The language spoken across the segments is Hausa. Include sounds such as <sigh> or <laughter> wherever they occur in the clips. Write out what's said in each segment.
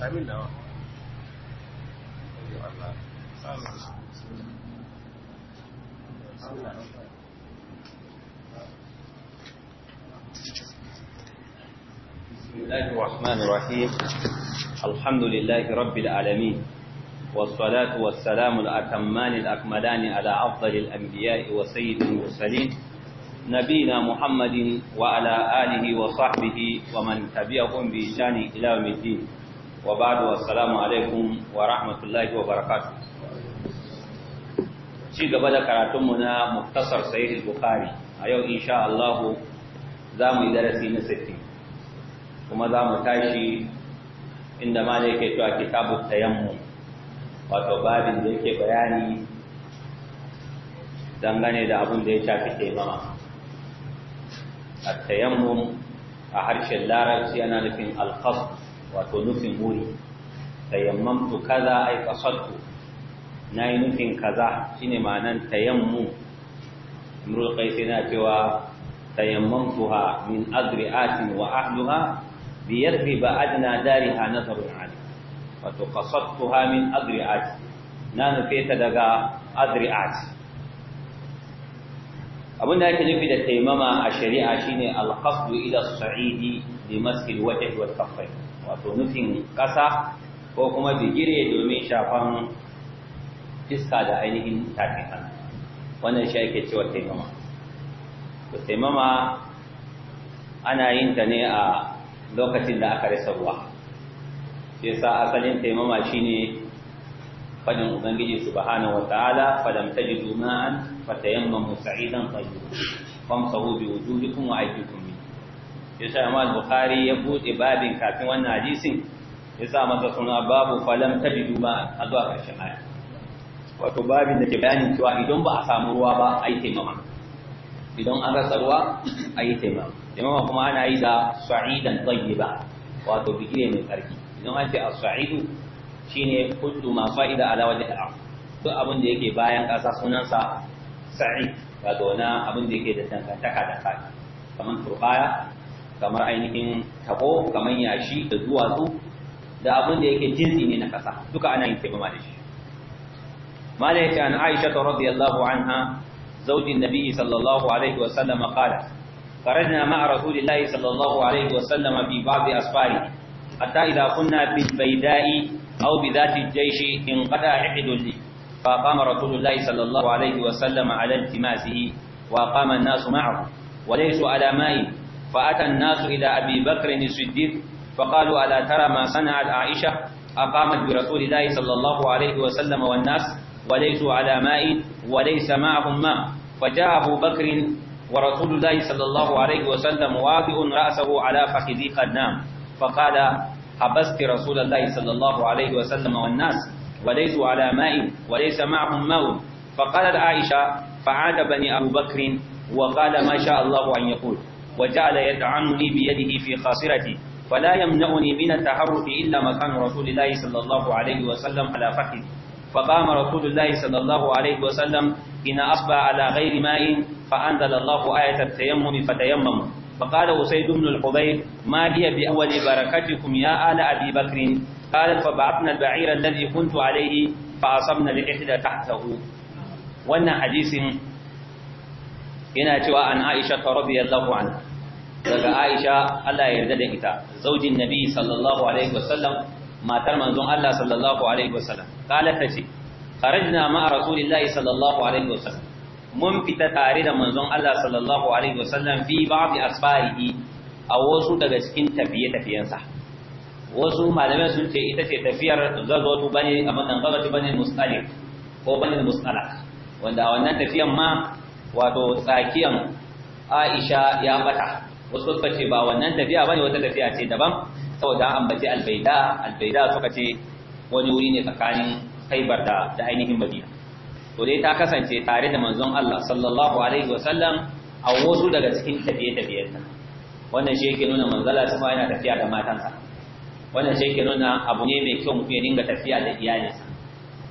samin nawa بسم الله الرحمن الرحيم الحمد لله رب العالمين والصلاة والسلام الأتمان الأكملان على أفضل الأنبياء وسيد المرسلين نبينا محمد وعلى آله وصحبه ومن تبعهم بإشان إلى يوم الدين wa ba'du assalamu alaikum wa rahmatullahi wa barakatuh ci gaba da karatun mu na muktasar sahih bukhari a yau insha Allah za mu yi darasi na 60 kuma za mu tashi inda ma ne yake cewa kitabu tayammum wato babin da yake bayani dangane da abin da ya shafi taimama a tayammum a harshen larabci yana nufin alkhasf wato nufin buri tayammamtu kaza ai qasadtu nayi nufin kaza shine ma'anan tayammum imrul qais yana cewa tayammamtuha min adri'atin wa ahluha bi yartiba adna dariha nazarun ali wato qasadtuha min adri'at na nufe ta daga adri'at abin da ake nufi da taimama a shari'a shine al alqasdu ila as-sa'idi li mas'il wajhi wal kaffayn wato nufin ƙasa ko kuma bigire domin shafan iska da ainihin tafi hannu wannan shi ake cewa taimama to taimama ana yin ta ne a lokacin da aka rasa ruwa sai sa asalin taimama shine fadin ubangiji subhanahu wataala falam tajidu ma'an fatayammamu sa'idan tayyiban famsahu bi wa aydikum yasa Imam Bukhari ya bude babin kafin wannan hadisin yasa masa suna babu falam tabidu ba a zuwa karshen aya wato babin da ke bayanin cewa idan ba a samu ruwa ba a yi taimama idan an rasa ruwa a yi taimama taimama kuma ana yi da sa'idan tayyiba wato bigire mai tsarki idan an ce a saidu shine kullu ma fa'ida ala wajhi al-ard duk abin da yake bayan ƙasa sunansa sa'id wato na abin da yake da dangantaka da kai kamar turbaya kamar ainihin tabo kamar yashi da duwatsu da abin da yake jinsi ne na kasa duka ana yin taimama da shi mala yace an aisha radiyallahu anha zaujin nabi sallallahu alaihi wa sallam qala خرجنا مع رسول الله صلى الله عليه وسلم في بعض أسفاره حتى إذا كنا بالبيداء أو بذات الجيش انقطع عقد لي فقام رسول الله صلى الله عليه وسلم على التماسه وقام الناس معه وليسوا على ماء فأتى الناس إلى أبي بكر الصديق فقالوا ألا ترى ما صنعت عائشة أقامت برسول الله صلى الله عليه وسلم والناس وليسوا على ماء وليس معهم ماء فجاء أبو بكر ورسول الله صلى الله عليه وسلم واضع رأسه على فخذي قد نام فقال حبست رسول الله صلى الله عليه وسلم والناس وليسوا على ماء وليس معهم ماء فقالت عائشة فعاد بني أبو بكر وقال ما شاء الله أن يقول وجعل يدعني بيده في خاصرتي فلا يمنعني من التحرك إلا مكان رسول الله صلى الله عليه وسلم على فخذي فقام رسول الله صلى الله عليه وسلم حين أصبح على غير ماء فأنزل الله آية التيمم فتيمموا فقال أسيد بن الحضير ما هي بأول بركتكم يا آل أبي بكر قال فبعثنا البعير الذي كنت عليه فأصبنا لإحدى تحته وأن حديث yana cewa an Aisha ta radiyallahu anha daga Aisha Allah ya yarda da ita zaujin Nabi sallallahu alaihi wasallam matar manzon Allah sallallahu alaihi wasallam kala tace kharajna ma'a rasulillahi sallallahu alaihi wasallam mun fita tare da manzon Allah sallallahu alaihi wasallam fi ba ba'd asfarihi a wasu daga cikin tafiye-tafiyensa wasu malamai sun ce ita ce tafiyar zazzotu bane a manan gazatu bane mustalif ko bane mustalak wanda a wannan tafiyan ma wato tsakiyan Aisha ya bata wasu suka ce ba wannan tafiya bane wata tafiya ce daban saboda an bace albaida albaida suka ce wani wuri ne tsakanin Khaibar da da ainihin Madina to dai ta kasance tare da manzon Allah sallallahu alaihi wasallam a wasu daga cikin tafiye-tafiyen ta wannan shi yake nuna manzala sama yana tafiya da matansa wannan shi yake nuna abu ne mai kyau mutum ya dinga tafiya da iyalinsa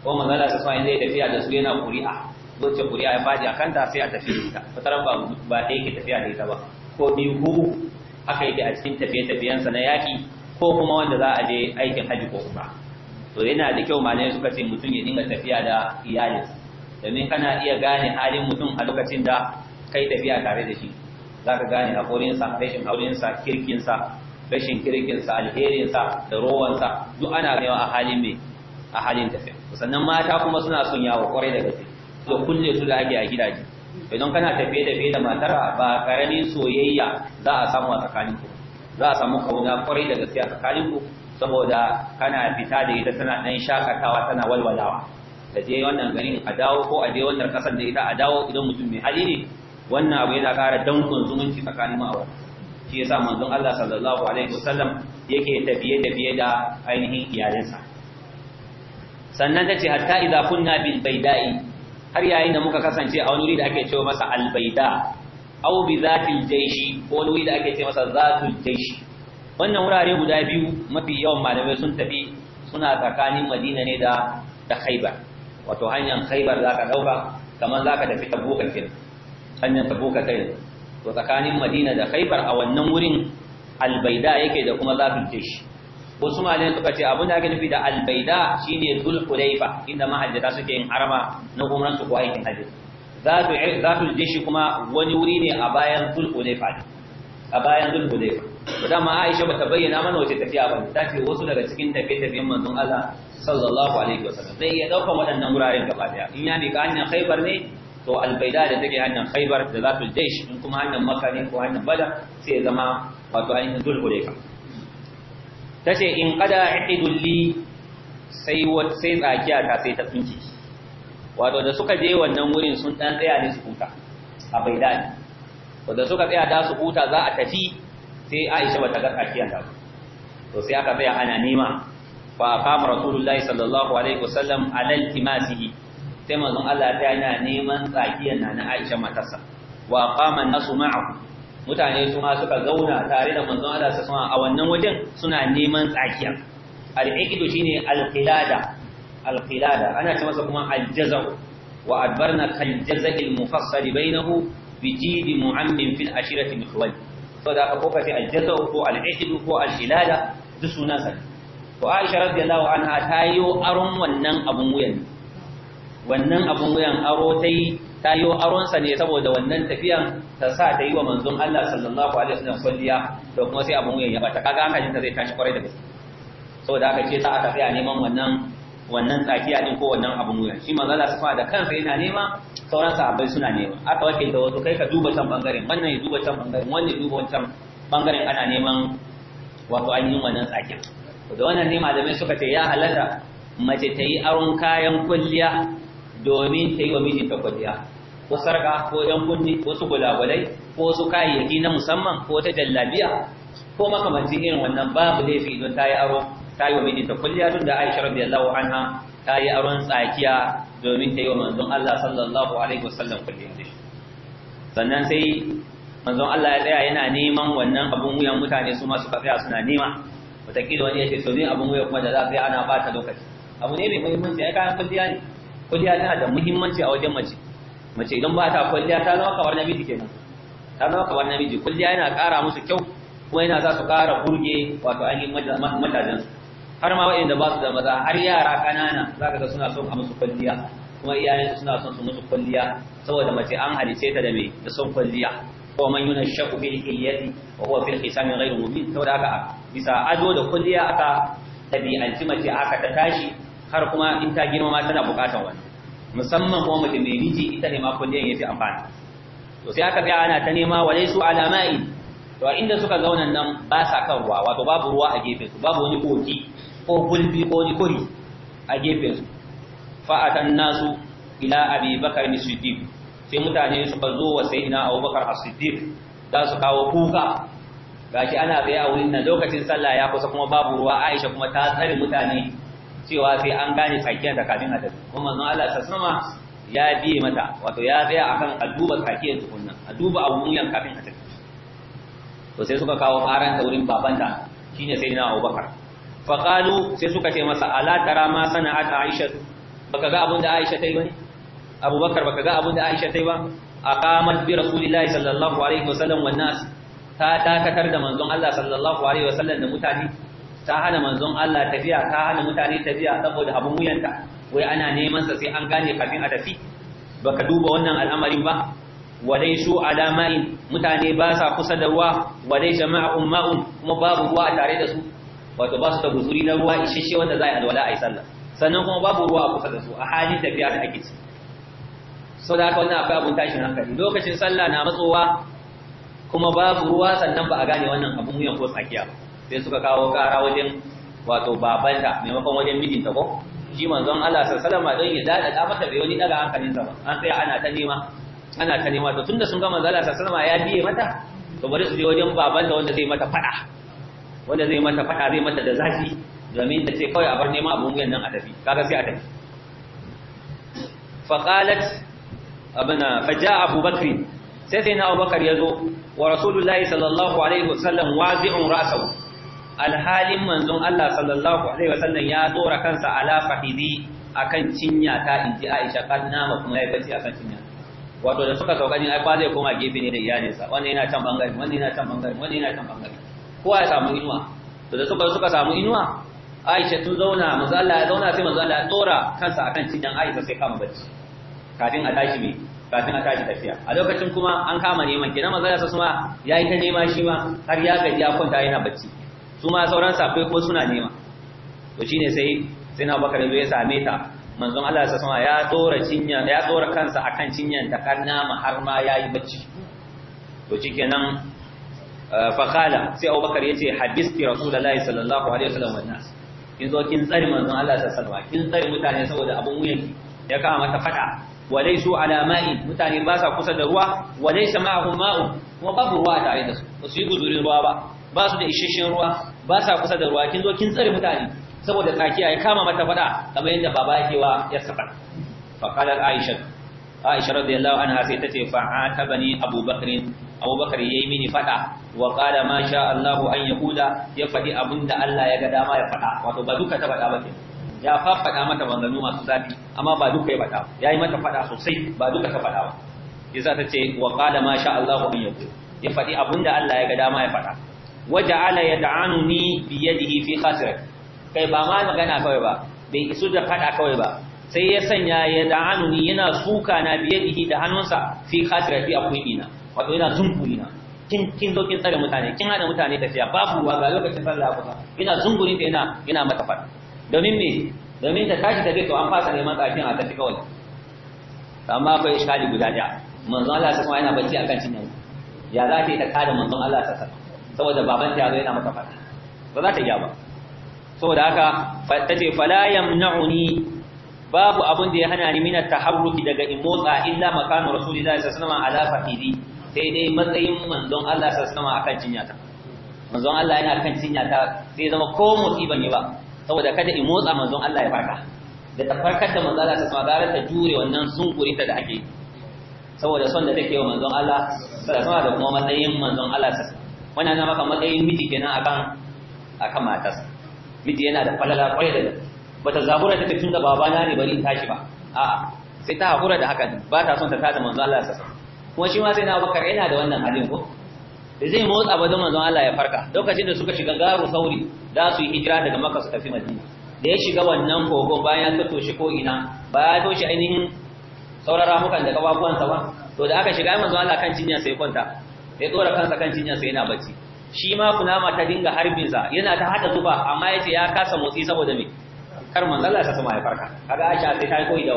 ko manzala sama yana tafiya da su yana kuri'a wacce kuri'a ya faɗi a kanta sai a tafi ta ba ba yake tafiya da ita ba ko biyu ko aka haka a cikin tafiye-tafiyensa na yaƙi ko kuma wanda za a je aikin hajji ko kuma? to yana da kyau ne suka ce mutum ya dinga tafiya da iyalinsa domin kana iya gane halin mutum a lokacin da kai tafiya tare da shi za ka gane haƙorinsa rashin haƙorinsa kirkinsa rashin kirkinsa alherinsa da rowansa duk ana gaiwa a halin mai a halin tafiya sannan mata kuma suna son yawo kwarai da gaske to kulle su da ake a gidaje idan kana tafiye tafiye da matara ba karamin soyayya za a samu a tsakanin ku za a samu kauna kwarai da gaske a tsakanin ku saboda kana fita da ita tana dan shakatawa tana walwalawa da je wannan garin a dawo ko a je wannan kasar da ita a dawo idan mutum mai hali ne wannan abu yana ƙara dankon zumunci tsakanin ma'aurata shi yasa manzon Allah sallallahu alaihi wasallam yake tafiye tafiye da ainihin iyalansa sannan tace hatta idza kunna bil baida'i har yayin da muka kasance a wani wuri da ake cewa masa albaida aw bi zatil jaishi ko wani wuri da ake ce masa zatul jaishi wannan wurare guda biyu mafi yawan malamai sun tafi suna tsakanin Madina ne da da Khaibar wato hanyar Khaibar ka ɗauka, kamar za ka tafi Tabuk kin hanyar Tabuk kai to tsakanin Madina da Khaibar a wannan wurin albaida yake da kuma zatul jaishi wasu malayan suka ce abin da ake nufi da albaida shine zul hudaifa inda mahajjata suke yin harama na umran su ko aikin hajji zatu zatu dishi kuma wani wuri ne a bayan zul hudaifa a bayan zul hudaifa da ma Aisha bata bayyana mana wace tafiya ba ta ce wasu daga cikin tafiye-tafiyen manzon Allah sallallahu alaihi wasallam zai iya daukan waɗannan wuraren gaba daya in ya mika hannun Khaibar ne to albaida da take hannun Khaibar da zatu dishi in kuma hannun Makka ne ko hannun Badar sai ya zama wato ainihin zul hudaifa ta ce in kada ihidulli sai sai tsakiya ta sai ta tsinci, wato da suka je wannan wurin sun ɗan tsaya ne su huta a baidani wanda suka tsaya ta su huta za a tafi sai Aisha bata ga tsakiyar ta to sai aka tsaya ana nema fa kama rasulullahi sallallahu alaihi wasallam ala iltimasihi sai manzon Allah ta yana neman tsakiyar na na Aisha matarsa wa qama nasu ma'ahu mutane su ma suka zauna tare da manzon Allah sa sama a wannan wajen suna neman tsakiya al-iqdu shine al-qilada al-qilada ana ce masa kuma al-jazau wa adbarna kal jazai al-mufassal bainahu bi jidi mu'ammin fil ashirati mikhwal to da ko kace al-jazau ko al-iqdu ko al-qilada duk sunan sa to Aisha radiyallahu anha ta aron wannan abun wuyan wannan abun wuyan aro tai ta yi aronsa ne saboda wannan tafiyan ta sa ta yi wa manzon Allah sallallahu alaihi wasallam kulliya to kuma sai abun ya bata kaga hankalin ta zai tashi kwarai da gaske saboda haka ce sa aka a neman wannan wannan tsakiya din ko wannan abun wuya shi manzon Allah subhanahu da kansa yana nema sauran sahabbai suna nema aka wake da wasu kai ka duba can bangaren wannan ya duba can bangaren wannan ya duba wancan bangaren ana neman wato ainihin wannan tsakiya da wannan ne malamai suka ce ya halatta mace ta yi aron kayan kulliya domin ta yi wa mijinta kwalliya ko sarka ko yan kunni ko su gulagulai ko su kayayyaki na musamman ko ta jallabiya ko makamanci irin wannan babu laifi don ta yi aro ta yi wa mijinta kwalliya tun da aisha radiyallahu anha ta yi aron tsakiya domin ta yi wa manzon Allah sallallahu alaihi wasallam kwalliya da shi sannan sai manzon Allah ya tsaya yana neman wannan abun wuyan mutane su ma suka tsaya suna nema wataƙila wani ya ce to ne abun wuya kuma da za a yi ana bata lokaci abu ne mai muhimmanci ai kayan kulliya ne kwalliya tana da muhimmanci a wajen mace mace idan ba ta kwalliya ta zama kamar namiji kenan ta zama kamar namiji kwalliya yana ƙara musu kyau kuma yana za su ƙara burge wato ainihin mazajen har ma ba su da maza har yara ƙanana za ka ga suna son a musu kwalliya kuma iyayensu suna son su musu kwalliya saboda mace an halice ta da mai da son kwalliya ko man yuna shaku bil hilyati wa huwa fil khisami ghayru mubin saboda haka bisa ado da kwalliya aka tabi'anci mace aka ta tashi har kuma in ta girma ma tana bukatar wani musamman kuma mutum mai miji ita ne ma kullum ya fi amfana to sai aka ga ana ta nema wa laisu alama'i to inda suka zauna nan ba sa kan ruwa wato babu ruwa a gefen su babu wani koki ko gulbi ko wani kuri a gefen su fa atan nasu ila abi bakar ni siddiq sai mutane suka bazo wa sayyidina abubakar as-siddiq za su kawo kuka gashi ana tsaye a wurin nan lokacin sallah ya kusa kuma babu ruwa Aisha kuma ta tsare mutane cewa sai an gane tsakiyar da kafin a kuma manzon Allah ta sama ya biye mata wato ya tsaya akan a duba tsakiyar tukunna a duba abu wuyan kafin a to sai suka kawo karan da wurin babanta shine sai na Abubakar fa qalu sai suka ce masa ala tara ma sana'at Aisha baka ga abun da Aisha ta yi ba Abubakar baka ga abun da Aisha ta yi ba aqamat bi rasulillahi sallallahu alaihi wasallam wan nas ta dakatar da manzon Allah sallallahu alaihi wasallam da mutane ta hana manzon Allah tafiya ta hana mutane tafiya saboda abun wuyanta wai ana neman sa sai an gane kafin a tafi baka duba wannan al'amarin ba wadai shu alama'in mutane ba sa kusa da ruwa wadai jama'un ma'un kuma babu ruwa a tare da su wato ba su da guzuri na ruwa isasshe wanda za a yi alwala a yi sallah sannan kuma babu ruwa a kusa da su a halin tafiya da ake ci sau da haka wannan akwai abun tashin hankali lokacin sallah na matsowa kuma babu ruwa sannan ba a gane wannan abun wuyan ko tsakiya ba sai suka kawo kara wajen wato babanta maimakon wajen mijinta ko shi manzon Allah sallallahu alaihi wasallam don ya dada mata bai wani daga hankalin sa ba an sai ana ta nema ana ta nema to tunda sun ga manzon Allah sallallahu alaihi wasallam ya biye mata to bari su je wajen babanta wanda zai mata fada wanda zai mata fada zai mata da zafi domin ta ce kawai a bar nema abun nan a tafi kaga sai a tafi faqalat abana faja'a Abu Bakr sai sai na Abu Bakr yazo wa Rasulullahi sallallahu alaihi wasallam wazi'un ra'sahu alhalin manzon Allah sallallahu alaihi wasallam ya tsora kansa ala fahidi akan cinya ta inji Aisha kan nama kuma ya a akan cinya wato da suka sauka jin ai ba zai koma gefe ne da iyalinsa wanda yana can bangare wanda yana can bangare wanda yana can bangare kowa ya samu inuwa to da suka suka samu inuwa Aisha tun zauna manzo Allah ya zauna sai manzo Allah ya tsora kansa akan cinyan Aisha sai kama bacci kafin a tashi me kafin a tashi tafiya a lokacin kuma an kama neman kenan manzo Allah sai kuma yayi ta nema shi ma har ya gaji ya kwanta yana bacci su ma sauran safai ko suna nema to shine sai sai na bakar ya same ta manzon Allah ya sama ya tsora cinya ya tsora kansa akan cinyan ta kanna ma har ma yayi bacci to shikenan eh, fa qala sai Abubakar yace hadisti rasulullahi sallallahu alaihi wasallam wa nas kin zo kin tsari manzon Allah sallallahu alaihi kin tsari mutane saboda abun wuyanki ya kama mata fada walaisu ala ma'in mutane ba sa kusa da ruwa walaisa ma'ahum ma'un kuma babu ruwa tare da su ba su yi guzurin ruwa ba ba su da isasshen ruwa ba sa kusa da ruwa kin zo kin tsare mutane saboda tsakiya ya kama mata fada kamar yadda baba yake wa ya saka fa qala aisha aisha radiyallahu anha sai tace fa atabani abubakar abubakar yayi mini fada wa qala ma sha Allah an yakuda ya fadi abinda Allah ya ga dama ya fada wato ba duka ta fada ba ke ya fa fada mata bangano masu zafi amma ba duka ya fada yayi mata fada sosai ba duka ta fada ba yasa tace wa qala ma sha Allah an yakun ya fadi abinda Allah ya ga dama ya fada ya waja'ala yad'anuni bi yadihi fi khasrak kai ba ma magana kawai ba bai isu da fada kawai ba sai ya sanya ya yad'anuni yana suka na da yadihi da hannunsa fi fi khasrafi akuina wato yana zunkuina kin kin zo kin tsare mutane kin hada mutane tafiya babu ruwa ga lokacin sallah kusa ina zungurin ta yana yana mata fada domin me domin ta tashi tafi to an fasa neman tsafin a tafi kawai amma akwai shali guda da manzon Allah sai kuma yana bacci akan cinyansa ya za ta yi ta kada manzon Allah sallallahu alaihi saboda babanta ya zo yana mata fata ba za ta iya ba saboda haka ta ce fala yamna'uni babu abin da ya hana ni minat taharruki daga in motsa illa makanu rasulillahi sallallahu alaihi wasallam ala faqidi sai dai matsayin manzon Allah sallallahu alaihi wasallam akan ta, manzon Allah yana kan ta sai zama ko musiban ne ba saboda kada in motsa manzon Allah ya farka da ta farkar da manzon Allah sallallahu alaihi wasallam ta jure wannan sunkurita da ake saboda son da take yi wa manzon Allah sallallahu alaihi wasallam da kuma matsayin manzon Allah sallallahu wannan na maka matsayin miji kenan akan akan matas, miji yana da falala kwarai da gaske bata zabura ta tun da babana ne bari in tashi ba a'a sai ta hakura da haka ba ta son ta tada manzo Allah sa kuma shi ma sai na Abubakar yana da wannan halin ko da zai motsa ba don manzo Allah ya farka lokacin da suka shiga garu sauri za su yi hijira daga Makka su tafi Madina da ya shiga wannan kogo bayan ya shi ko ina ba ya toshe ainihin saurara mukan da kafafuwansa ba to da aka shiga manzo Allah kan jinya sai kwanta ya dora kansa kan cinya sai yana bacci shi ma kunama ta dinga harbin sa yana ta hada zuba amma yace ya kasa motsi saboda me kar manzo Allah ya sama ya farka kaga Aisha sai ta koyi da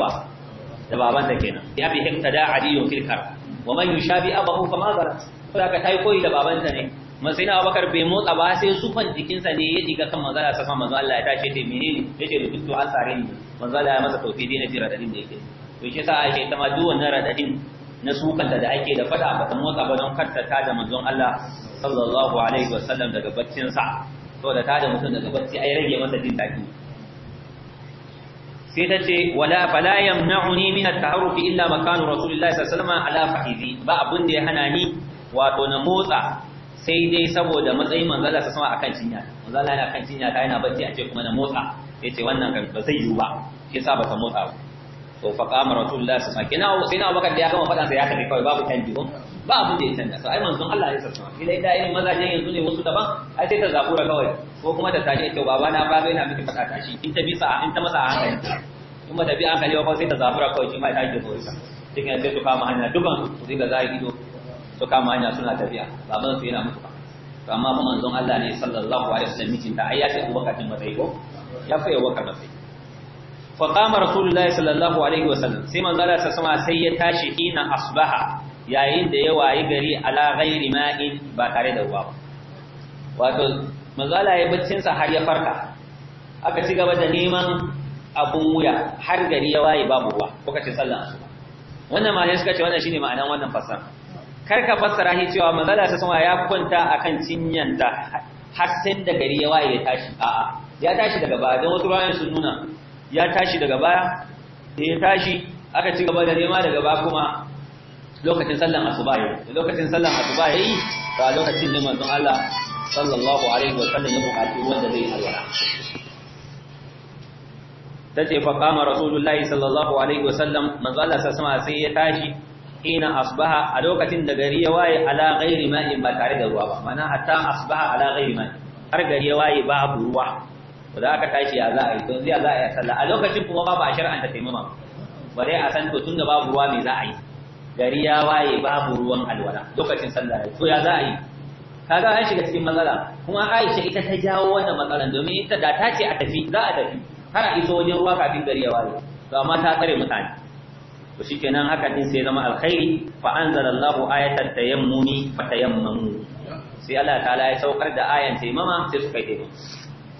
da baban ta kenan ya bi himtada adiyun filkar wa man yushabi abahu kama zarat kaga ta koyi da baban ta ne masai na abakar bai motsa ba sai sufan jikinsa ne ya diga kan manzala sa sama manzo Allah ya tashi ce menene yace da fito an sare ni manzo Allah ya masa tawfidi na jira din da yake to shi yasa ake ta ma duk wannan radadin na sukan da ake da fada ba ta motsa ba don karta ta da manzon Allah sallallahu alaihi wasallam daga baccin sa to da ta da mutum daga bacci ai rage masa jin dadi sai ta ce wala fala yamna'uni min at-taharruf illa makanu rasulillahi sallallahu alaihi wasallam ala fahizi ba abun da ya hana ni wato na motsa sai dai saboda matsayin manzala sa sama akan cinya manzala yana kan cinya ta yana bacci a ce kuma na motsa yace wannan kan ba zai yiwu ba yasa ba ta motsa ba to fa qama rasulullah sallallahu alaihi wasallam kina abubakar da ya gama fadan sa ya kace kawai babu canji ko ba abu da ya canza to ai manzon Allah ya sassa kila da irin mazajen yanzu ne wasu daban ai sai ta zabura kawai ko kuma ta tashi to baba na baba yana miki fada tashi in ta bisa in ta masa hankali kuma ta bi an kalewa kawai sai ta zabura kawai shi ma ta ji kawai cikin yanzu su kama hanya dukan su a yi ido su kama hanya suna tafiya ban su yana mutu ba to amma kuma manzon Allah ne sallallahu alaihi wasallam mijinta da ai ya ce abubakar din mazai ko ya fa abubakar mazai فقام رسول الله sallallahu alaihi wasallam sai manzo sama sai ya tashi hina asbaha yayin da ya wayi gari ala ghairi ma'in ba tare da ruwa ba wato manzo Allah har ya farka aka ci da neman abun wuya har gari ya waye babu ruwa suka ce wannan shine ma'anan wannan fasara kar ka fassara shi cewa manzo Allah sama ya kwanta akan cinyanta har sai da gari ya waye ya tashi a'a ya tashi daga baya wasu bayan sun nuna ya tashi daga baya da ya tashi aka ci gaba da nema daga baya kuma lokacin sallan asuba yayi lokacin sallan asuba yayi ba lokacin ne manzon Allah sallallahu alaihi wa sallam ya buƙaci wanda zai alwala tace fa qama rasulullahi sallallahu alaihi wa sallam manzon Allah sallallahu alaihi sai ya tashi ina asbaha a lokacin da gari ya waye ala ghairi ma'in ba tare da ruwa ba mana hatta asbaha ala ghairi ma'in har gari ya waye babu ruwa ba za ka tashi ya za a yi to ya za a yi sallah a lokacin kuma babu a ta taimama ba dai a san to tun da babu ruwa mai za a yi gari ya waye babu ruwan alwala lokacin sallah ya to ya za a yi kaga an shiga cikin matsala kuma Aisha ita ta jawo wannan matsalan domin ita da ta ce a tafi za a tafi har a iso wajen ruwa kafin gari ya waye to amma ta tsare mutane to shikenan haka din sai zama alkhairi fa anzalallahu ayatan tayammumi fa tayammamu sai Allah ta'ala ya saukar da ayan taimama sai suka yi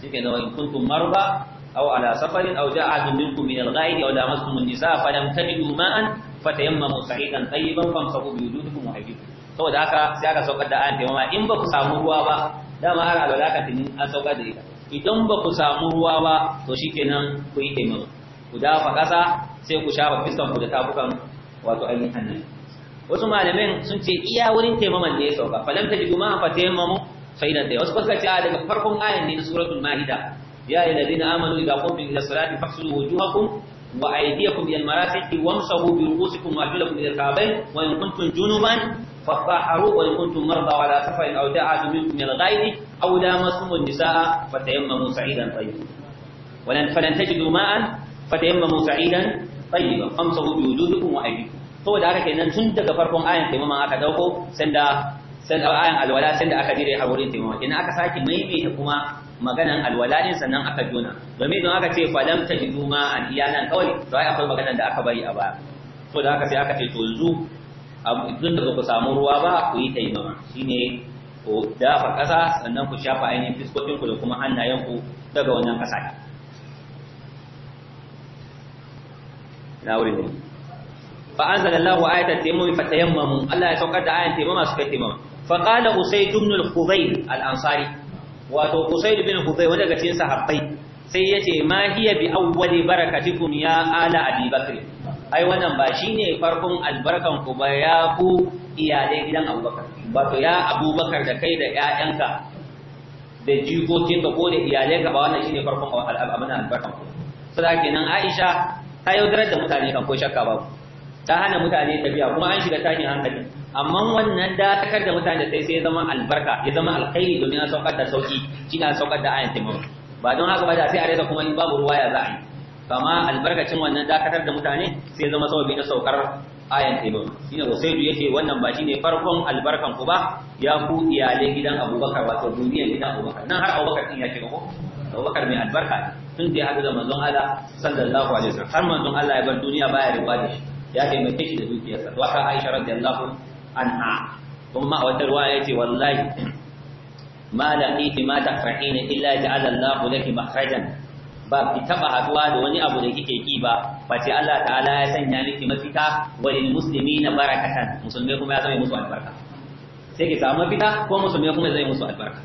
shikenan wa in kuntum marba aw ala safarin aw jaa ahadun minkum min al-ghaid aw lamastum an-nisaa falam tajidu ma'an fatayammamu sa'idan tayyiban famsahu bi wujuhikum wa aydikum saboda haka sai aka saukar da ayan taimama in ba ku samu ruwa ba dama har alwala ka tinin an saukar da ita idan ba ku samu ruwa ba to shikenan ku yi taimama ku dafa ƙasa sai ku shafa fiskan ku da tafukan wato ainihin nan wasu malamin sun ce iya wurin taimaman ne ya sauka falam tajidu ma'an fatayammamu khairan da wasu suka ce a daga farkon ayan ne na suratul maida ya ayyuhallazina amanu idza qumtum ila salati faghsilu wujuhakum wa aydiyakum ila almarafiq wamsahu bi ru'usikum wa arjulakum ila alka'bayn wa in kuntum junuban fatahharu wa in kuntum marda ala safarin aw da'a minkum min al-ghaibi aw lamasum an-nisaa fatayammamu sa'idan tayyiban ولن فلن تجدوا ماء فتيمموا سعيدا طيبا فامسحوا بوجوهكم وايديكم saboda haka kenan tun daga farkon ayan taimaman aka dauko sanda sai da ayan alwala sai da aka dire haburin taimama idan aka sake maimaita kuma maganan alwala din sannan aka juna domin don aka ce falam ta jidu ma an iyanan kawai to ai akwai maganan da aka bari a baya to da aka sai aka ce to zu tun da ku samu ruwa ba ku yi taimama shine ku dafa ƙasa sannan ku shafa ainihin fiskokin ku da kuma hannayen ku daga wannan kasa na wuri ne fa anzalallahu ayatan tayammum fa tayammamu Allah ya saukar da ayatan tayammuma suka tayammum faƙala usai dumnul huzai al’ansari wato usai dumnul huzai wani daga cin sahabbai sai ya ce ma hiya bi auwali barakatikun ya ala abubakar ai wannan ba shine farkon albarkan ku ba ya ku iyalai gidan abubakar wato ya abubakar da kai da ‘ya’yanka da jikokin da ko da iyalai ba wannan shine farkon abin albarkan ku sai ake nan aisha ta yaudarar da mutane kan ko shakka ba ta hana mutane tafiya kuma an shiga tashin hankali amma wannan dakatar da mutane sai sai zama albarka ya zama alkhairi domin a saukar da sauki shi an saukar da ayan timur ba don haka ba da sai a rasa kuma in babu ruwa ya za a yi kama albarkacin wannan dakatar da mutane sai zama sababi na saukar ayan timur sai ya ce wannan ba shi ne farkon albarkan ku ba ya ku iyalai gidan abubakar wato duniyar gidan abubakar nan har abubakar din ya ce ko abubakar mai albarka tun da ya haɗu da manzon Allah sallallahu alaihi wasallam har manzon Allah ya bar duniya baya riba da shi ya taimake shi da dukiyarsa wa Aisha radiyallahu anha kuma a wata ruwa ya ce wallahi ma laqiti ma tafrahina illa ja'ala Allah laki makhrajan ba ki taɓa haɗuwa da wani abu da kike ki ba face Allah ta'ala ya sanya miki mafita wa lil na barakatan musulmai kuma ya zama musu albarka sai ki samu mafita ko musulmai kuma ya zai musu albarka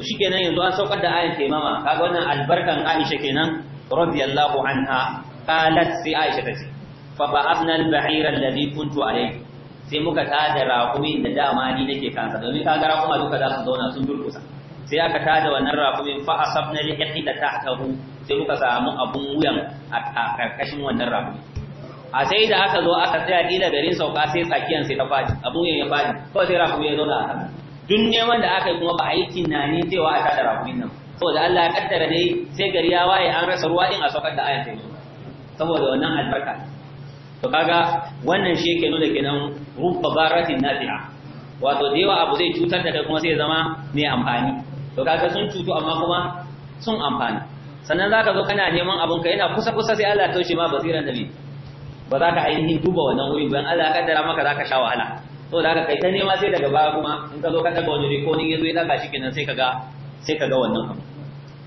to shikenan yanzu an saukar da ayan taimama kaga wannan albarkan Aisha kenan radiyallahu anha qalat si Aisha tace fa ba'athna al-ba'ira alladhi kuntu alayhi sai muka tada raƙumin da dama ni nake kansa domin kaga raƙuma duka za su zauna sun durkusa sai aka tada wannan raƙumin fa asabna li ihda tahtahu sai muka samu abun wuyan a karkashin wannan raƙumi a sai da aka zo aka tsaya dila garin sauka sai tsakiyan sai ta fadi abun wuyan ya fadi kawai sai raƙumi ya zauna a kan duk neman da aka yi kuma ba a yi tunanin cewa a tada raƙumin nan saboda Allah ya kaddara dai sai gari ya waye an rasa ruwa in a saukar da ayan sai saboda wannan albarka to kaga wannan shi yake nuna kenan rubba baratin nafi'a wato da yawa abu zai cutar da kai kuma sai zama mai amfani to kaga sun cutu amma kuma sun amfani sannan zaka zo kana neman abun ka yana kusa kusa sai Allah ya taushe ma basiran nabi ba za ka ainihin duba wannan wuri ba Allah ya kaddara maka zaka sha wahala to da ka kai ta nema sai daga baya kuma in ka zo ka daga wani recording yazo ya daga shi kenan sai kaga sai kaga wannan abu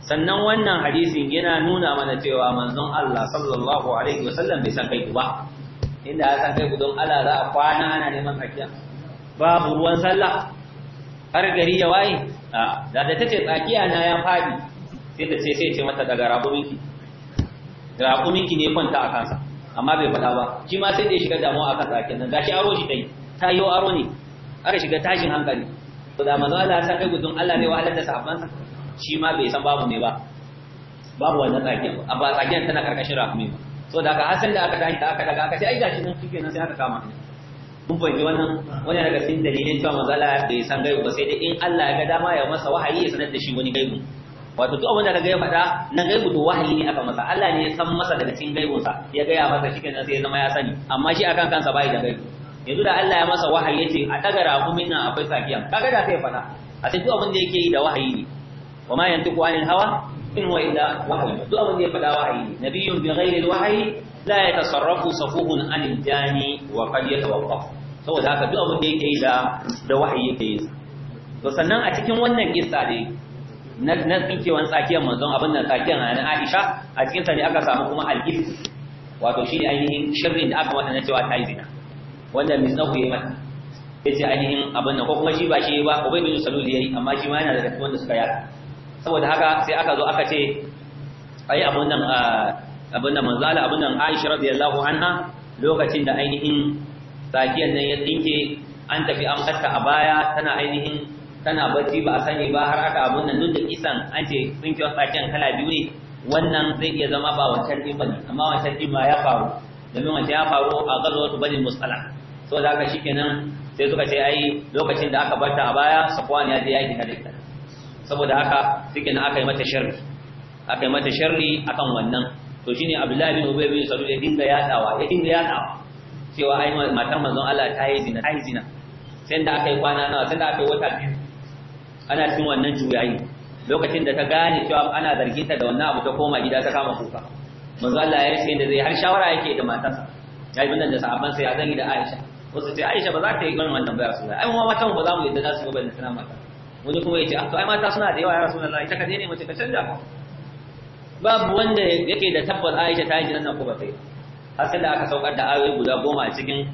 sannan wannan hadisin yana nuna mana cewa manzon Allah sallallahu alaihi wasallam bai san kai ba inda aka kai gudun Allah za a kwana ana neman tsakiya babu ruwan sallah har gari ya waye a da da tace tsakiya na ya fadi sai ta ce sai ce mata daga raƙuminki rabuminki ne kwanta a kansa amma bai faɗa ba shi ma sai da ya shiga damuwa kan tsakiyar nan gashi aro shi dai ta yi aro ne aka shiga tashin hankali to da manzo Allah ya sa kai gudun Allah ne wahalar da sahabbansa shi ma bai san babu ne ba babu wannan tsakiyar ba ba tsakiyar tana karkashin rabumin ba so da aka hasan da aka tashi da aka daga aka ce ai gashi nan cikin nan sai aka kama mun fahimci wannan wani daga cikin dalilin cewa da bai san gaibu ba sai dai in Allah ya ga dama ya masa wahayi ya sanar da shi wani gaibu wato duk abin da daga ya faɗa na gaibu to wahayi ne aka masa Allah ne ya san masa daga cikin gaibunsa ya gaya masa shi kenan sai ya zama ya sani amma shi akan kansa bai da gaibu yanzu da Allah ya masa wahayi yace a daga ragumin nan akwai safiya kaga da sai faɗa a sai duk abin da yake yi da wahayi ne wa ma yantiqu anil hawa in wa illa wahayi duk abin ya faɗa wahayi nabiyyun bi ghairi alwahyi la yatasarrafu safuhun anil jani wa qad yatawaqqaf saboda haka duk abin da yake da da wahayi yake yi to sannan a cikin wannan kissa dai na na tsinkewan tsakiyar manzon abin nan tsakiyar na Aisha a cikin ne aka samu kuma al-ifk wato shi ainihin shirin da aka mata na cewa ta yi wanda mata ce ainihin kuma shi ba shi ba ubai bin salul ya yi amma shi ma yana suka yada saboda haka sai aka zo aka ce ai abun nan abun nan manzala abun nan Aisha radiyallahu anha lokacin da ainihin safiyan nan ya dinke an tafi an katta a baya tana ainihin tana bacci ba a sani ba har aka abun nan duk isan an ce tsinkewar safiyan kala biyu ne wannan zai iya zama ba wancan din bane amma wancan din ma ya faru domin wancan ya faru a gazawatu bani musala saboda haka shikenan sai suka ce ai lokacin da aka barta a baya safwan ya je yaki na da saboda haka cikin aka yi mata sharri aka yi mata sharri akan wannan to shine abdullahi bin ubay bin salul ya dinga yadawa ya dinga yadawa cewa ai matar manzon Allah ta yi zina ta yi zina sai da aka yi kwana nawa sai da aka yi wata biyu ana cikin wannan juyayi lokacin da ta gane cewa ana zarginta da wannan abu ta koma gida ta kama kuka manzo Allah ya rike da zai har shawara yake da matarsa ya yi da sahabban sai ya zangi da Aisha wasu ce Aisha ba za ta yi irin wannan bayar su ai mu matan ba za mu yadda za su yi da sana mata wani kuma ya ce ah, to ai mata suna da yawa ya rasulullah ita kadai ne mace ka canja babu wanda yake da tabbas Aisha ta yi nan ko ba sai har sai da aka saukar da ayoyi guda goma a cikin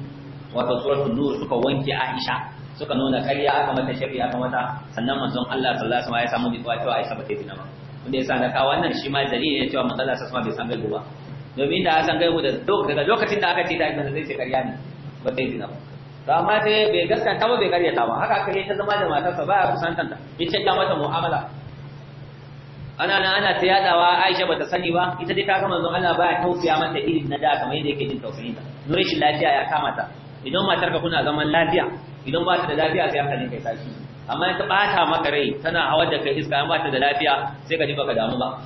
wato suratul nur suka wanke Aisha suka nuna ƙarya aka mata shari'a aka mata sannan manzon Allah sallallahu alaihi wasallam ya samu bitwa cewa Aisha ba ta yi ba wanda sa na kawo wannan shi ma dalili ne cewa manzon Allah sallallahu alaihi wasallam bai san gaibu ba domin da ya san gaibu da daga lokacin da aka ce ta yi zai ce ƙarya ne ba ta yi ba ba ma sai bai gaskanta ba bai karyata ba haka aka ta zama da matarsa ba ya kusantanta ya ta mata mu'amala ana nan ana ta yadawa Aisha bata sani ba ita dai ta ga manzon Allah baya tausaya mata irin na da kamar yadda yake jin tausayin ta shi lafiya ya kama ta idan matarka kuna zaman lafiya idan ba ta da lafiya sai hankalin kai tashi amma in ta bata maka rai tana hawar da kai iska amma ta da lafiya sai ka ji baka damu ba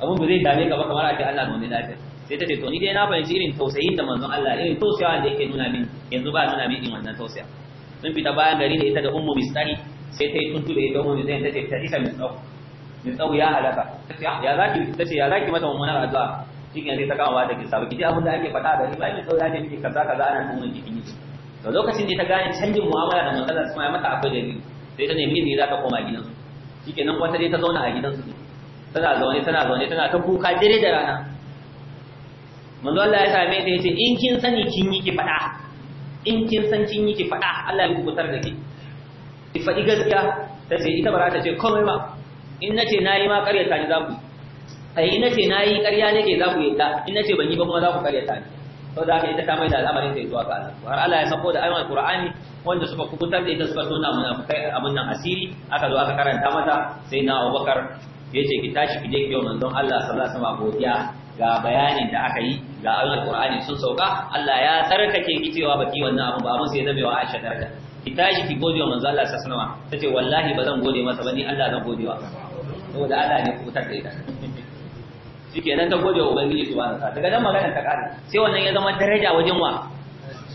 abun ba zai dame ka ba kamar a ce Allah ne lafiya sai ta ce to ni dai na fahimci irin tausayin da manzon Allah irin tausayawa da yake nuna min yanzu ba nuna min wannan tausaya sun fita bayan gari da ita da ummu mistari sai ta yi da ita ummu mistari ta ce ta isa mai tsawo ya halaka ah, ya zaki ta ce ya zaki mata mummunar addu'a cikin yanzu ta kama ta kisa ba kiji abin da ake faɗa da ni ba mai saura ne miki kaza kaza ana tunan jikin ki to lokacin da ta gane canjin mu'amala da manzon Allah ya mata akwai dalili sai ta nemi ne za ta koma gidansu shikenan wata dai ta zauna a gidansu tana zaune tana zaune tana ta kuka dare da rana manzo Allah ya same ta yace in kin sani kin yi ki fada in kin san kin yi ki fada Allah ya kubutar da ki ki fadi gaskiya ta ce ita bara ta ce komai ma in nace nayi ma ta ni za ku ai in nace nayi karya nake za ku yadda in nace ban yi ba kuma za ku ta ni to da haka ita ta mai da al'amarin ta zuwa ga Allah har Allah ya sako da ayatul Qur'ani wanda suka kubutar da ita suka tona munafikai abin nan asiri aka zo aka karanta mata sai na Abubakar yace ki tashi ki je ki yi manzon Allah sallallahu alaihi wasallam godiya ga bayanin da aka yi ga ayoyin Qur'ani sun sauka Allah ya tsarkake ki cewa baki wannan abu ba mun sai zabe wa Aisha darka ki tashi ki gode wa manzo Allah sallallahu alaihi wasallam tace wallahi ba zan gode masa bane Allah zan gode wa saboda Allah ne kutar da ita nan ta gode wa ubangiji subhanahu wa daga nan maganar ta kare sai wannan ya zama daraja wajen wa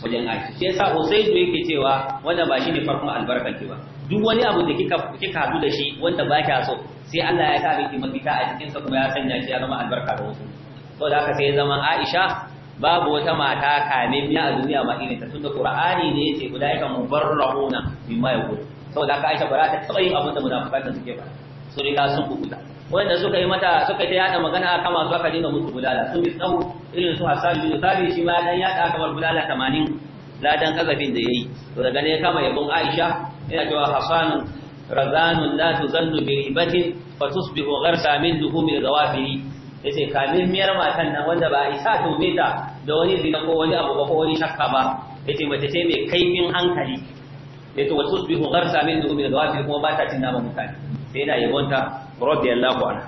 wajen Aisha shi yasa bai yake cewa wanda ba shine farkon albarkar ki ba duk wani abu da kika kika hadu da shi wanda ba kya so sai Allah ya sa miki mafita a cikin sa kuma ya sanya shi ya zama albarka ga wasu da aka sai zama Aisha babu wata mata kamin ya a duniya ma irin ta tunda Qur'ani ne yace guda yake mubarrahuna mimma yaqul saboda aka Aisha ba za ta taba yin abin da munafikan suke ba su ne riga sun kukuta wanda suka yi mata suka ta yada magana kama masu aka dinga musu bulala sun tsawo irin su Hassan da Thabit shi ma dan yada aka bar bulala 80 ladan kazafin da yayi to daga ne kama yabon Aisha yana cewa Hassan razanun la tuzannu bi ribatin fatusbihu gharsa min duhumi zawafiri yace kamin miyar matan nan wanda ba a isa to ta da wani zina ko wani abu ba ko wani shakka ba yace mace ce mai kaifin hankali yace wa tusbihu gharsa min min al kuma ba ta cin nama mutane sai yana yabonta radiyallahu anha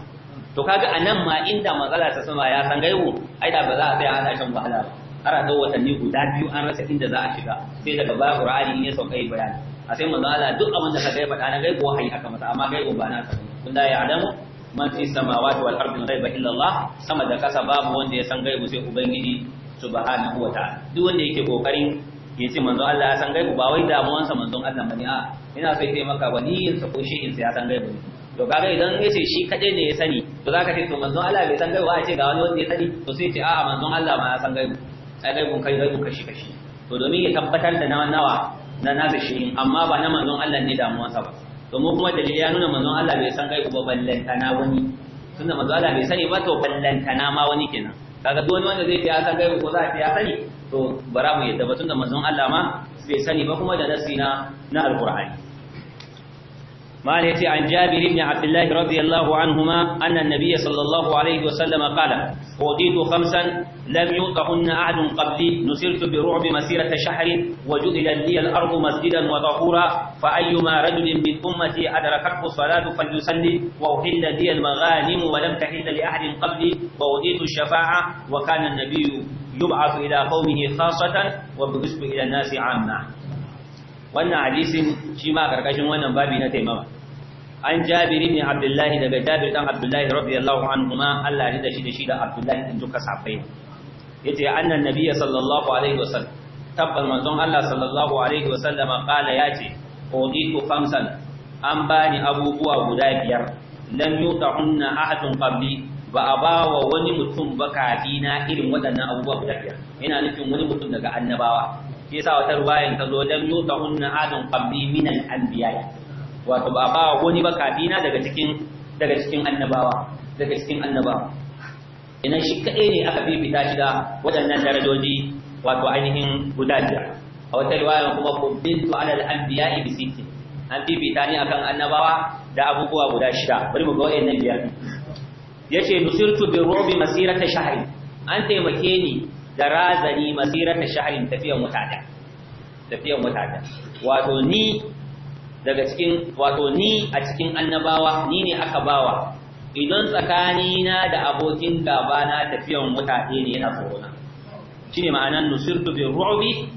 to kaga anan ma inda matsala ta sama ya san gaibu ai da ba za a tsaya ana shan wahala ba har dau watanni guda biyu an rasa inda za a shiga sai daga ba qur'ani ne sauka yi bayani a sai manzo Allah duk abin da ka gaiba da na gaibo hai aka masa amma gaibo ba na ta kun da ya adamu man fi samawati wal ardi ghaiba illa Allah sama da kasa babu wanda ya san gaibu sai ubangiji subhanahu wa ta'ala duk wanda yake kokarin ya ce manzon Allah ya san gaibu ba wai damuwan sa manzon Allah bane a ina so yake maka waliyin sa ko shi sa ya san gaibu to kaga idan ce shi kaɗai ne ya sani to zaka ce to manzon Allah bai san gaibu a ce ga wani wanda ya sani to sai ce a'a manzon Allah ma ya san gaibu ai gaibun kai gaibun kashi kashi to domin ya tabbatar da nawa nawa na nasa shi amma ba na manzon Allah ne damuwansa ba domin kuma dalili ya nuna manzon Allah bai san ku ba ballantana wani tunda manzon Allah bai sani ba to ballantana ma wani kenan kaga duk wani wanda zai ce ya san ku ko za a ce ya sani to bara mu yadda ba tunda manzon Allah ma bai sani ba kuma da nasina na alqur'ani ما عن جابر بن عبد الله رضي الله عنهما أن النبي صلى الله عليه وسلم قال أوتيت خمسا لم يوطهن أحد قبلي نصرت برعب مسيرة شهر وجدل لي الأرض مسجدا وطهورا فأيما رجل من أمتي أدركته الصلاة فليصلي وأحل لي المغانم ولم تحل لأحد قبلي وأوتيت الشفاعة وكان النبي يبعث إلى قومه خاصة وبالنسبة إلى الناس عامة wannan hadisin shi ma karkashin wannan babi na taimama an jabiri ne abdullahi daga jabir dan abdullahi radiyallahu anhu ma Allah ya shi da shi da abdullahi din duka safai yace annan nabiyyi sallallahu alaihi wasallam tabbal manzon Allah sallallahu alaihi wasallam qala yace udiku khamsan an bani abubuwa guda biyar lam yutahunna ahadun qabli ba a ba wa wani mutum ba kafina irin waɗannan abubuwa guda biyar Ina nufin wani mutum daga annabawa shi yasa wata ruwayan ta zo dan yuta hunna adam qabli min al anbiya wato ba ba wani ba kafina daga cikin daga cikin annabawa daga cikin annabawa idan shi kadai ne aka bibita shi da wadannan darajoji wato ainihin guda biyar a wata ruwaya kuma kubbitu ala al anbiya bi sittin an bibita ne akan annabawa da abubuwa guda shida bari mu ga waɗannan biyar yace nusirtu bi rubi masirata shahri an taimake ni da razani da shaharin tafiyan mutane tafiyan mutane wato ni daga cikin wato ni a cikin annabawa ni ne aka bawa idan tsakanina da abokin gaba na tafiyan mutane ne yana shi shine ma'anar nusirtu bi ru'bi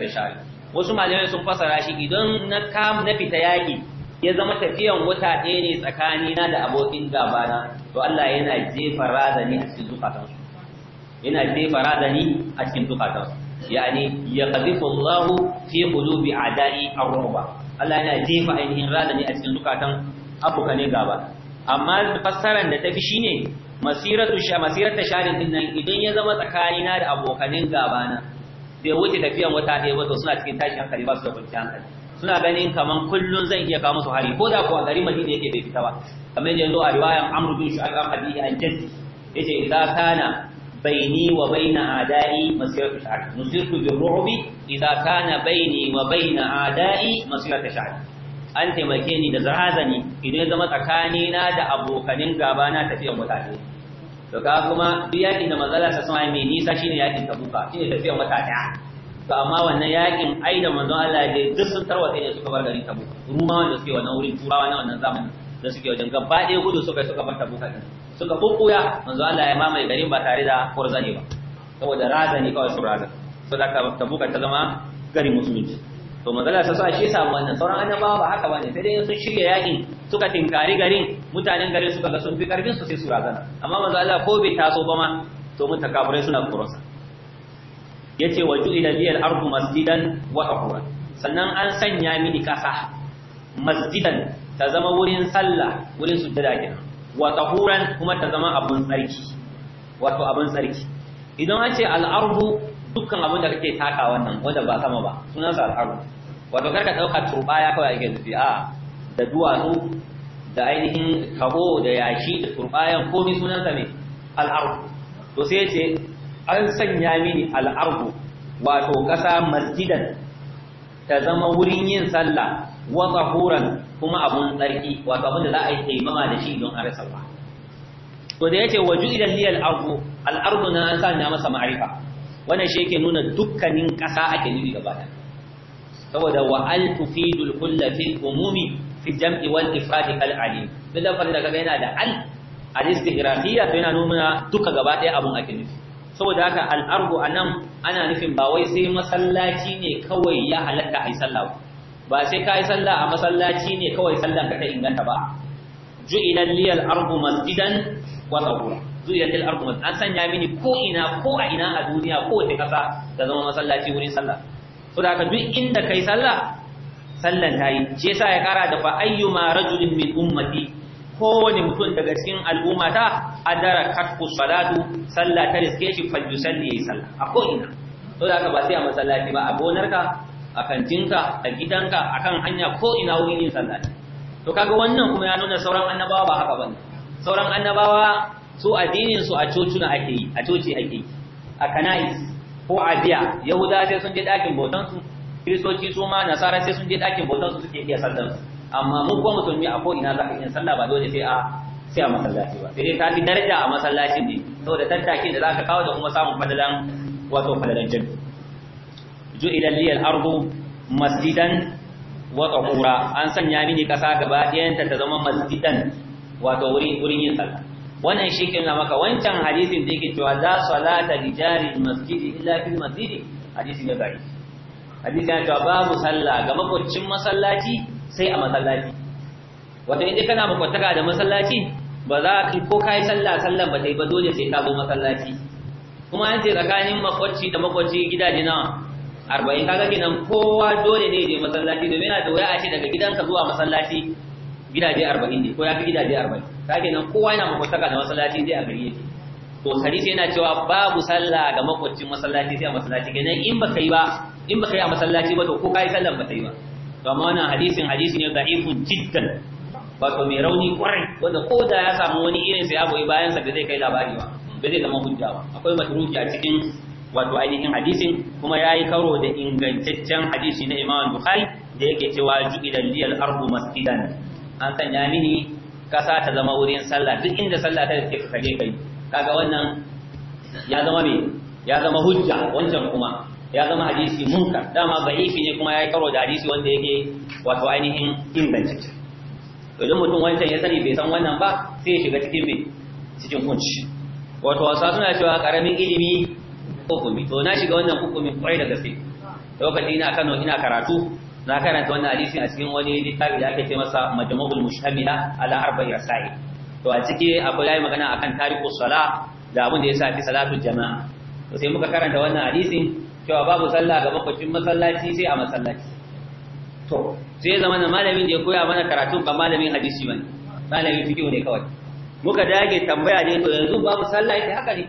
da shahrin wasu malamai sun fasara shi idan na kam na fita yaki ya zama tafiyan wuta ɗaya ne tsakanina da abokin gabana to Allah yana jefa razani a cikin zukatansu yana jefa razani a cikin zukatansu yani ya qadhifu Allah fi qulubi a'da'i ar-ruba Allah yana jefa ainihin radani a cikin zukatan abuka ne gaba amma fassaran da tafi shine masiratu sha masiratu sharin din nan idan ya zama tsakanina da abokanin gaba na bai wuce tafiyan wata ɗaya wato suna cikin tashin hankali ba su da kwanciyar hankali suna ganin kaman kullun zan iya kawo musu hari ko da kuwa gari madina yake bai fita ba kamar yanzu a riwayan amru bin shu'ab al-qadi an jaddi yace idza kana baini wa baina adai masirata shahr nusirtu bi ru'bi idza kana baini wa baina adai masirata shahr an taimake ni da zarazani idan ya zama tsakani da abokanin gaba na tafiyan mutane to ka kuma duk yakin da manzala ta sama mai nisa shine yakin tabuka shine tafiyan to amma wannan yakin ai da manzon Allah duk sun tarwata ne suka bar garin tabuka rumawa da suke wurin turawa na da suke wajen gaba ɗaya gudu suka suka bar suka kukkuya manzo Allah ya mamaye garin ba tare da kurzani ba saboda razani kawai su razan so da tabuka ta zama garin musulunci to manzala sai sa shi samu wannan sauran annabawa ba haka bane sai dai sun shirya yaki suka tinkari garin mutanen garin suka ga sun fi karfin su sai su razana amma manzo Allah ko bai taso ba ma to mun takafurai suna kurosa yace wa ju'ila bi al-ardu masjidan wa tahuran sannan an sanya mini kasa masjidan ta zama wurin sallah wurin sujjada kenan wa tahuran kuma ta zama abun tsarki wato abun tsarki idan an ce al'ardu dukkan abin da kake taka wannan wanda ba sama ba sunansa al'ardu wato karka dauka ya kawai ake nufi a da duwatsu da ainihin kaho da yashi da turbayan komai sunansa ne al'ardu to sai ya ce an sanya mini al'ardu wato ƙasa masjidan ta zama wurin yin sallah wa tsahuran kuma abun tsarki wato abin da za a yi taimama da shi don an rasa ruwa to da yace waju idan liyal ardu na an sanya masa ma'arifa wannan shi yake nuna dukkanin ƙasa ake nufi gaba saboda wa al tufidul kulla fil umumi fi jam'i wal ifradi kal alim duk lafazin da yana da al al istighraqiyya to yana nuna duka gaba ɗaya abun ake nufi saboda haka al anan ana nufin ba wai sai masallaci ne kawai ya halatta a yi sallah ba sai ka yi sallah a masallaci ne kawai sallan ka ta inganta ba ju'ilal liyal ardu masjidan wa tahura ju'ilal liyal ardu masjidan an sanya mini ko ina ko a ina a duniya ko wata kasa da zama masallaci wurin sallah to da ka duk inda kai sallah sallan ta yi shi yasa ya kara da fa ayyuma rajulin min ummati kowane mutum daga cikin al'ummata adara katku salatu sallah ta riske shi fa yusalli sallah a ko ina to da ka ba sai a masallaci ba a gonarka a kantinka a gidanka akan hanya ko ina wurin yin sallah to kaga wannan kuma ya nuna sauran annabawa ba haka bane sauran annabawa su addinin su a cocuna ake yi a coci ake yi a kanais ko a biya yahuda sai sun je dakin bautan su kristoci su ma nasara sai sun je dakin bautan su suke iya sallar amma mu kuma musulmi a ko ina za ka yi sallah ba dole sai a sai a masallaci ba sai ta fi daraja a masallaci ne saboda tattakin da za ka kawo da kuma samun madalan wato madalan jami'a ju'ila liyal ardu masjidan wa tahura an sanya mini kasa gaba ɗayanta ta zama masjidan wato wurin wurin yin sallah wannan shi na maka wancan hadisin da yake cewa la salata li jari masjidi illa fil masjidi hadisi ne gari hadisi ya cewa babu sallah ga makwacin masallaci sai a masallaci wato dai kana makwataka da masallaci ba za ka ko kai sallah sallan ba sai ba dole sai ka zo masallaci kuma an ce tsakanin makwacci da makwacci gidaje nawa arba'in kaga kenan kowa dole ne je masallaci domin yana da wuya a ce daga gidanka zuwa masallaci gidaje arba'in ne ko ya fi gidaje arba'in kaga kenan kowa yana makwataka da masallaci zai a gari yake to hadisi yana cewa babu sallah ga makwacin masallaci sai a masallaci kenan in baka yi ba in baka yi a masallaci ba to ko kai sallan ba ta yi ba to amma wannan hadisin hadisi ne da'ifun jiddan wato mai rauni kwarai wanda ko da ya samu wani irin sai abu bayan sa da zai kai labari ba ba zai zama hujja ba akwai matruki a cikin wato ainihin hadisin kuma yayi karo da ingantaccen hadisi na Imam Bukhari da yake cewa ju'ila liyal ardu masjidan an sanya mini kasa ta zama wurin sallah duk inda sallah ta take kaje kai kaga wannan ya zama ne ya zama hujja wancan kuma ya zama hadisi munkar dama da'ifi ne kuma yayi karo da hadisi wanda yake wato ainihin ingantacce idan mutum wancan ya sani bai san wannan ba sai ya shiga cikin me cikin hujji wato wasa suna cewa karamin ilimi hukumi to na shiga wannan hukumi kwai da gaske lokaci ina Kano ina karatu na karanta wannan hadisi a cikin wani littafi da aka ce masa majmu'ul mushtamila ala arba'i rasail to a ciki akwai yayi magana akan tariqu sala da abin da ya fi salatu jama'a to sai muka karanta wannan hadisi cewa babu sallah ga makwacin masallaci sai a masallaci to sai zama na malamin da ya koya mana karatu ba malamin hadisi bane malamin fiqh ne kawai muka dage tambaya ne to yanzu babu sallah ita eh, haka ne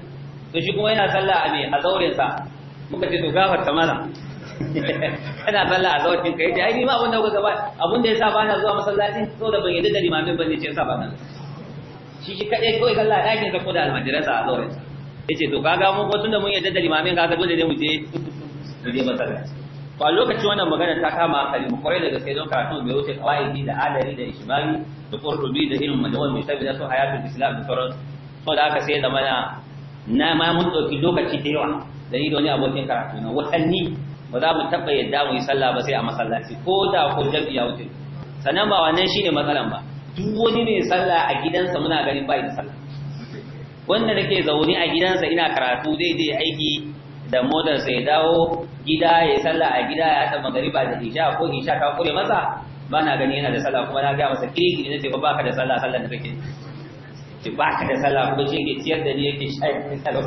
to shi kuma yana sallah a me a zaurin sa muka ce to gafar ta mana <laughs> ana sallah a zaurin ka dai ai ni ma abun da gaba abun da yasa ba na zuwa masallaci saboda ban yadda da limamin ne ce yasa ba na shi shi kadai kawai sallah dakin sa ko da almajiransa a zaurin sa yace to kaga mu ko tunda mun yadda da limamin kaga dole ne mu je mu je masallaci to lokacin wannan magana ta kama hali mu kwarai da gaske don karatu mai wuce qawaidi da adari da ishmani da qurtubi da ilmin majmu'a mai tabi da su hayatul islam da sauran so da aka sai da mana na ma mun ɗauki lokaci da yawa da ni da wani abokin karatu na watanni ba za mu taɓa yadda mu yi sallah ba sai a masallaci ko da ko jabi ya wuce sannan ba wannan shine matsalan ba duk wani ne sallah a gidansa muna ganin bai da sallah wanda nake zaune a gidansa ina karatu daidai aiki da motarsa ya dawo gida ya sallah a gida ya ta ba da isha ko isha ta kure masa ba na gani yana da sallah kuma na ga masa kiriki ne nace ba ka da sallah sallah da kake ce ba ka da sallah kuma shi ke ciyar da ni yake shayar da sallah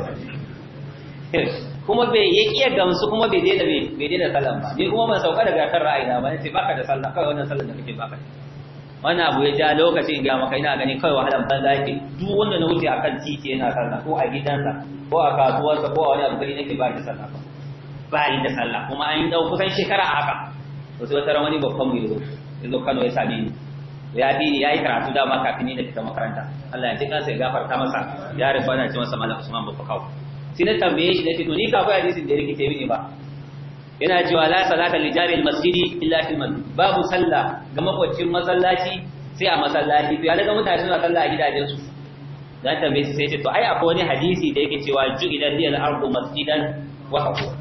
kuma bai ya kiya da musu kuma bai daina bai daina sallah ba ni kuma ban sauka daga kan ra'ayina ba sai ka da sallah kawai wannan sallah da kake ka wannan abu ya ja lokacin ga maka ina gani kawai wahalan banza yake duk wanda na wuce akan titi yana sallah ko a gidansa ko a kasuwarsa ko a wani abu kai nake ba da sallah ba ba yi da sallah kuma an yi dau kusan shekara a haka wasu wata ramani babban mu yi zo Kano ya same ni ya bi ni yayi karatu dama kafin fini da fita makaranta Allah ya ji kansa ya gafarta masa ya rufa na cewa samala Usman ba kawo sai na tambaye shi nace to ni ka koyi hadisin da yake ce mini ba yana cewa la salata li jari masjidi illa fil masjid babu sallah ga makwacin masallaci sai a masallaci to ya daga mutane suna sallah a gidajen su dan tambaye shi sai ce to ai akwai wani hadisi da yake cewa ju'ilan lil ardu masjidan wa hawa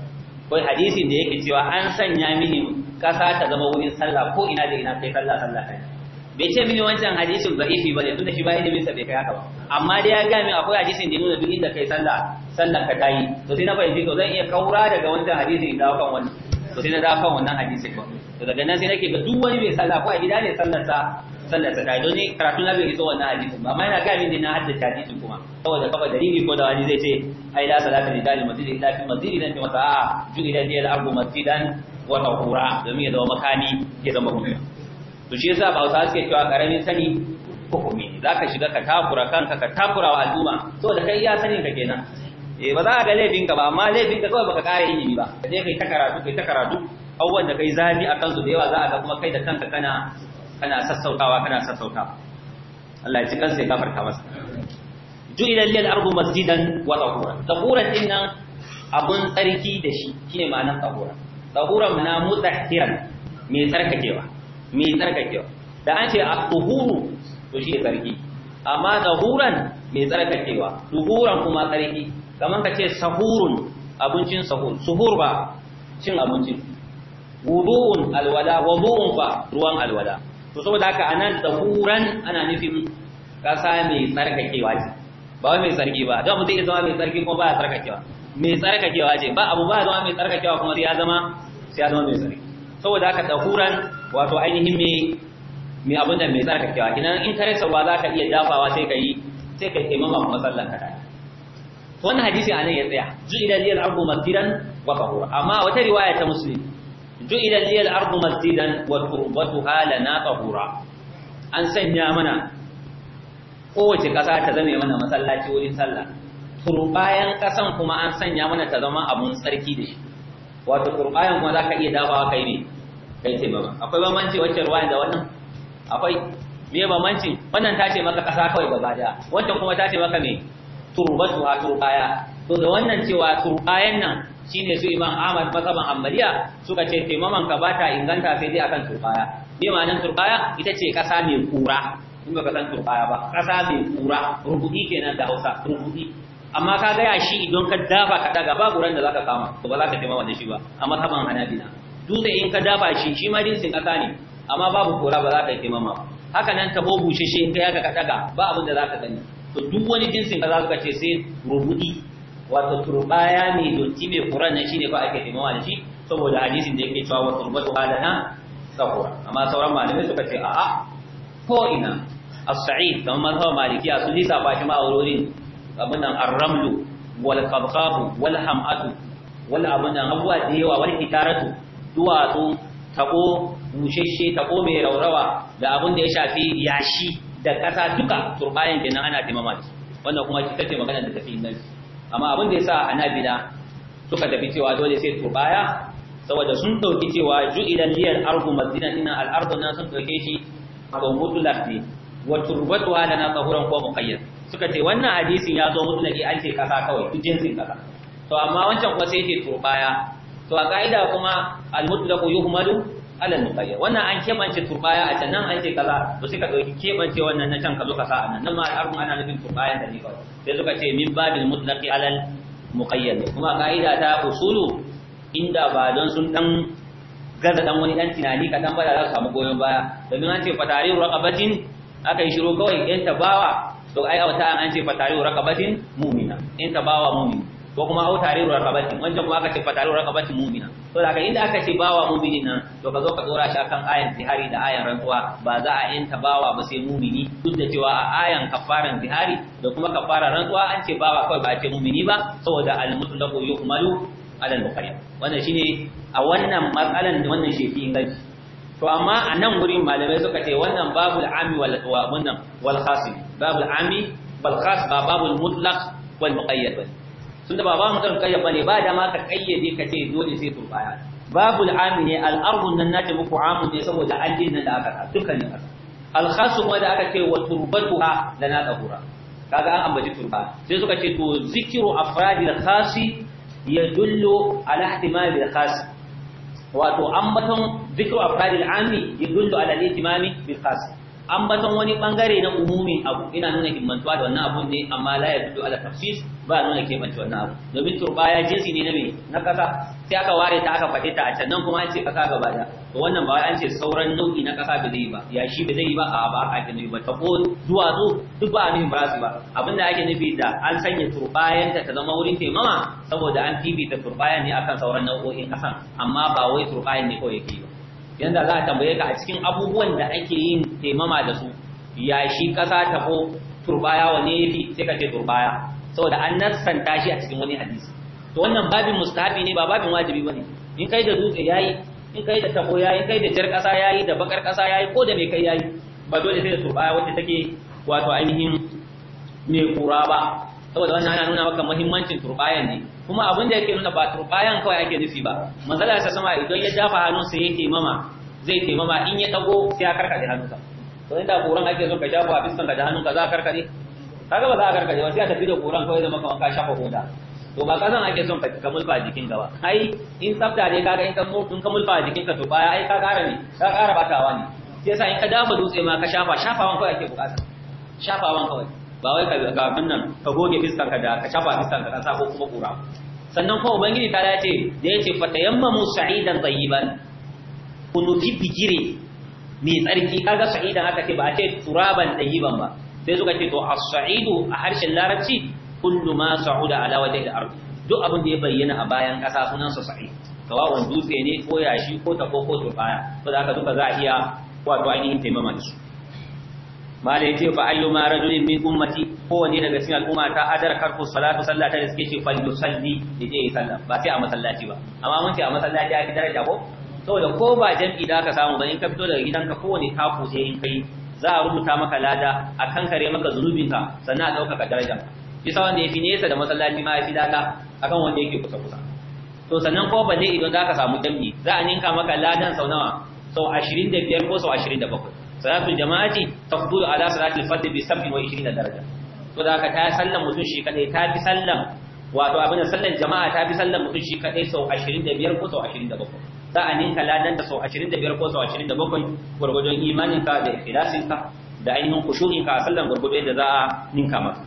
kai hadisin da yake cewa an sanya mini kasa ta zama wurin sallah ko ina da ina kai sallah sallah kai bai ce mini wancan hadisin da'ifi bane tunda shi bai da bisa bai kai haka ba amma dai ya gami akwai hadisin da nuna duk inda kai sallah sallan ka tayi to sai na fahimci to zan iya kaura daga wancan hadisin da kan wannan to sai na da kan wannan hadisin ba to daga nan sai nake ga duk wani bai sallah ko a gida ne sallar sa sallar sa tayi don ni karatu na bai iso wannan hadisin ba amma yana gami din na haddace hadisin kuma saboda kafa dalili ko da wani zai ce ai la salata li dalil masjid illa fi masjid dan ta mata ju ila al ardu masjidan wa tahura domin ya zama makani ya zama hujja to shi yasa ba wasu suke cewa karamin sani hukumi za ka shiga ka takura kanka ka takura wa al'umma saboda kai ya sanin ka kenan eh ba za ka ga laifin ka ba amma laifin ka kawai baka kare ilimi ba ka je kai ta karatu kai ta karatu abubuwan da kai zabi a kansu da yawa za a ga kuma kai da kanka kana kana sassautawa kana sassauta. Allah ya ci kansa ya gafarta masa ju'ila lil ardu masjidan wa tahura tahura dinnan abun tsarki da shi shine ma'anar tahura tahura na mutahhiran mai tsarkakewa mai tsarkakewa da an ce a tuhuru to shi tsarki amma zahuran mai tsarkakewa duhuran kuma tsarki kamar ka ce sahurun abincin sahur suhur ba cin abincin wudu'un alwada. wudu'un ba ruwan alwada. to saboda haka anan zahuran ana nufin kasa mai tsarkakewa ce ba mai tsarki ba don mutum ya zama mai tsarki kuma ba ya tsarkakewa mai tsarkakewa ce ba abu ba zama mai tsarkakewa kuma sai ya zama sai ya zama mai tsarki saboda haka zahuran wato ainihin me me abin da me zaka kewa idan in kare sauwa zaka iya dafawa sai kai sai kai taimaka kuma sallan ka dai to wannan hadisi anan ya tsaya ju'ila liyal ardu masjidan wa tahura amma wata riwaya ta muslim ju'ila liyal ardu masjidan wa turbatuha lana tahura an sanya mana kowace ƙasa ta zame mana masallaci wurin sallah turbayan ƙasan kuma an sanya mana ta zama abun tsarki da shi wato turbayan kuma zaka iya dafawa kai ne kai ba, akwai bambanci wacce ruwa da wannan akwai me bambanci wannan ta ce maka kasa kawai gaba da wacce kuma ta ce maka me turbatu ha turbaya to da wannan cewa turbayan nan shine su imam Ahmad mazhaban Ambaliya suka ce taimaman ka bata inganta sai dai akan turbaya me ma'anar turbaya ita ce kasa mai kura in ka san turbaya ba kasa mai kura rubudi kenan da Hausa rubudi amma ka gaya shi idan ka dafa ka daga babu ran da zaka kama to ba za ka taimaka wannan shi ba a mazhaban hanabila dutse in ka dafa shi shi ma jinsin ƙasa ne amma babu kora ba za ka yi taimama haka nan tabo bushashe in kai haka ka daga ba abin da za ka gani to duk wani jinsin ƙasa suka ce sai rubudi wato turbaya mai dotti mai kuran nan shine ba ake taimama da shi saboda hadisin da yake cewa wa turbatu na sahura amma sauran malamai suka ce a'a ko ina as-sa'id kamar maliki a sun lisa ba shi ma aurorin abin nan ar-ramlu wal qabqabu wal ham'atu wal abin nan abuwa da yawa wal hitaratu duwatsu tako musheshe, tako mai raurawa da abin da ya shafi yashi da ƙasa duka turbayan kenan ana taimama da wannan kuma ita ce magana da tafi nan amma abin da ya sa hanabila suka tafi cewa dole sai turbaya saboda sun ɗauki cewa ju'ilan liyar ardu inna al ardu nan sun dauke shi ko mutu lafi wa turbatuha lana tahuran ko muqayyad suka ce wannan hadisin ya zo mutu lafi an ce kasa kawai duk jinsin kasa to amma wancan kuma sai ke turbaya to a ka'ida kuma al mutlaq yuhmalu ala al-muqayyad wannan an kebance turbaya a can nan an ce kaza to sai ka dauki kebance wannan na can ka zo ka sa anan nan ma har ana nufin turbaya da ni sai suka ce min babil mutlaq ala al-muqayyad kuma ka'ida ta usulu inda ba don sun dan gaza dan wani dan tunani ka dan bada za su samu goyon baya domin an ce fatari raqabatin aka yi shiru kawai yan tabawa to ai a wata an ce fatari raqabatin mu'mina yan tabawa mumina. ko kuma au tariru rakabati wancan kuma aka ce fa tariru rakabati mu'mina to daga inda aka ce bawa mu'mini nan to ka zo ka dora shi akan ayan zihari da ayan rantsuwa ba za a yanta bawa ba sai mu'mini duk da cewa a ayan kafaran zihari da kuma kafaran rantsuwa an ce bawa kawai ba a ce mu'mini ba saboda al-mutlaqu yuhmalu ala al-muqayyad wannan shine a wannan matsalan da wannan shefi inganci to amma a nan wurin malamai suka ce wannan babul ami wal wannan wal khas babul ami bal khas ba babul mutlaq wal muqayyad bane tunda ba ba mu kan kayyade bane ba da ma ka kayyade ka ce dole sai turbaya babu al'ami ne al'ardun nan nace muku amu ne saboda an din nan da aka ka dukkanin ka al-khasu ma da aka ce wa turbatuha lana dahura kaga an ambaci turba sai suka ce to zikiru afradi al-khasi yadullu ala ihtimal al-khasi wato ambaton zikiru afradi al-ami yadullu ala al-ihtimami bil-khasi An ambaton wani bangare na umumin abu ina nuna himmantuwa da wannan abun ne amma la ya fito ala tafsis ba nuna keɓance wannan abu domin turbaya jinsi ne na me na kasa sai aka ware ta aka faɗi ta a can nan kuma an ce kasa gaba da to wannan ba an ce sauran nau'i na kasa ba zai yi ba ya shi ba zai yi ba a ba a gani ba ta ko duwatsu duk ba nufin ba su ba abin da ake nufi da an sanya turbayan ta ta zama wurin taimama saboda an fifita turbayan ne akan sauran nau'o'in kasan amma ba wai turbayan ne kawai yake ba yanda za a tambaye ka a cikin abubuwan da ake yin taimama da su yashi ƙasa ko turbaya wane fi sai ka ce turbaya saboda an nassanta shi a cikin wani hadisi to wannan babin mustahabi ne ba babin wajibi ba ne. in kai da dutse ya yi, in kai da tabo yi, in kai da jar ƙasa yi, da bakar ƙasa yi, ko da me kai yi. ba dole sai da turbaya wacce take wato ainihin mai kura ba saboda wannan ana nuna maka muhimmancin turbayan ne kuma abin da yake nuna ba turbayan kawai ake nufi ba manzala ta sama idan ya hannun sai yake taimama zai taimama in ya dago sai ya karkade hannunka to inda goran ake zo ka shafa a fiskan ka da hannunka za ka karkade kaga ba za ka karkade ba sai a tafi da goran kawai zama kamar ka shafa hoda to ba kazan ake son ka kamul a jikin gaba ai in tsafta ne kaga in ka in kamul ba a jikin ka to baya ai ka ƙara ne ka kara batawa ne sai yasa in ka dafa dutse ma ka shafa shafawan kawai ake bukata shafawan kawai ba wai ka kafin nan ka goge fiskanka da ka shafa fiskanka ka sa ko kuma kura sannan kuma ubangiji ta dace da yace fatayammamu sa'idan tayyiban ku nufi mai tsarki kaga sa'idan aka ce ba a ce turaban tayyiban ba sai suka ce to as-sa'idu a harshen larabci kullu ma sa'uda ala wajhi al-ard duk abin da ya bayyana a bayan kasa sunan sa sa'id sawa'un dutse ne ko yashi ko tako ko turbaya to za haka duka za a iya wato ainihin taimama da su malai ce fa allu ma rajulin min ummati kowanne daga cikin al'umma ta adar karku salatu sallata da suke ce fa salli da je yi sallah ba sai a masallaci ba amma mun ce a masallaci ya fi daraja ko saboda ko ba jam'i da ka samu ba in ka fito daga gidanka kowane taku sai in kai za a rubuta maka lada a kare maka zunubinka sannan a ɗaukaka darajar bisa wanda ya fi nesa da masallaci ma ya fi lada akan wanda yake kusa kusa to sannan ko ba ne idan za ka samu jam'i za a ninka maka ladan sau nawa sau ashirin da biyar ko sau ashirin da bakwai salatul jama'ati tafdulu ala salatul fard bi 27 daraja to da ka ta sallan mutum shi kadai ta fi sallan wato abin sallan jama'a ta fi sallan mutum shi kadai sau 25 ko sau 27 za a ninka ladan ta sau 25 ko sau 27 gurgudun imanin ka da ikhlasin ka da ainihin khushu'in ka a sallan gurgudun da za a ninka maka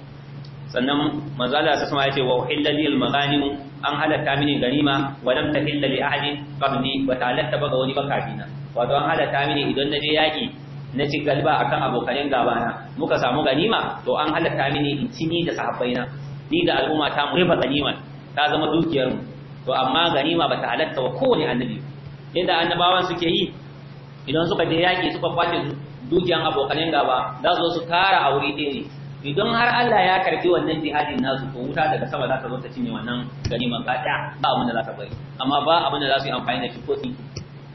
sannan mazala sa sama yace wa uhilla lil maghanim an halatta mini ganima wa lam tahilla li ahadin qabli wa ta'alatta baga wani bakafina wato an halatta mini idan na je yaki na ci galiba akan gaba gabana muka samu ganima to an halatta mini in ci ni da sahabbaina ni da al'umma ta mu riba ganiman ta zama dukiyar mu to amma ganima bata halatta wa kowane annabi inda annabawan suke yi idan suka je yaki suka kwace dukiyan abokanin gaba za su su tara a wuri ɗaya ne idan har Allah ya karbi wannan jihadin nasu to wuta daga sama za ta zo ta cinye wannan ba ɗaya, ba abin za ta bari amma ba abin za su yi amfani da shi ko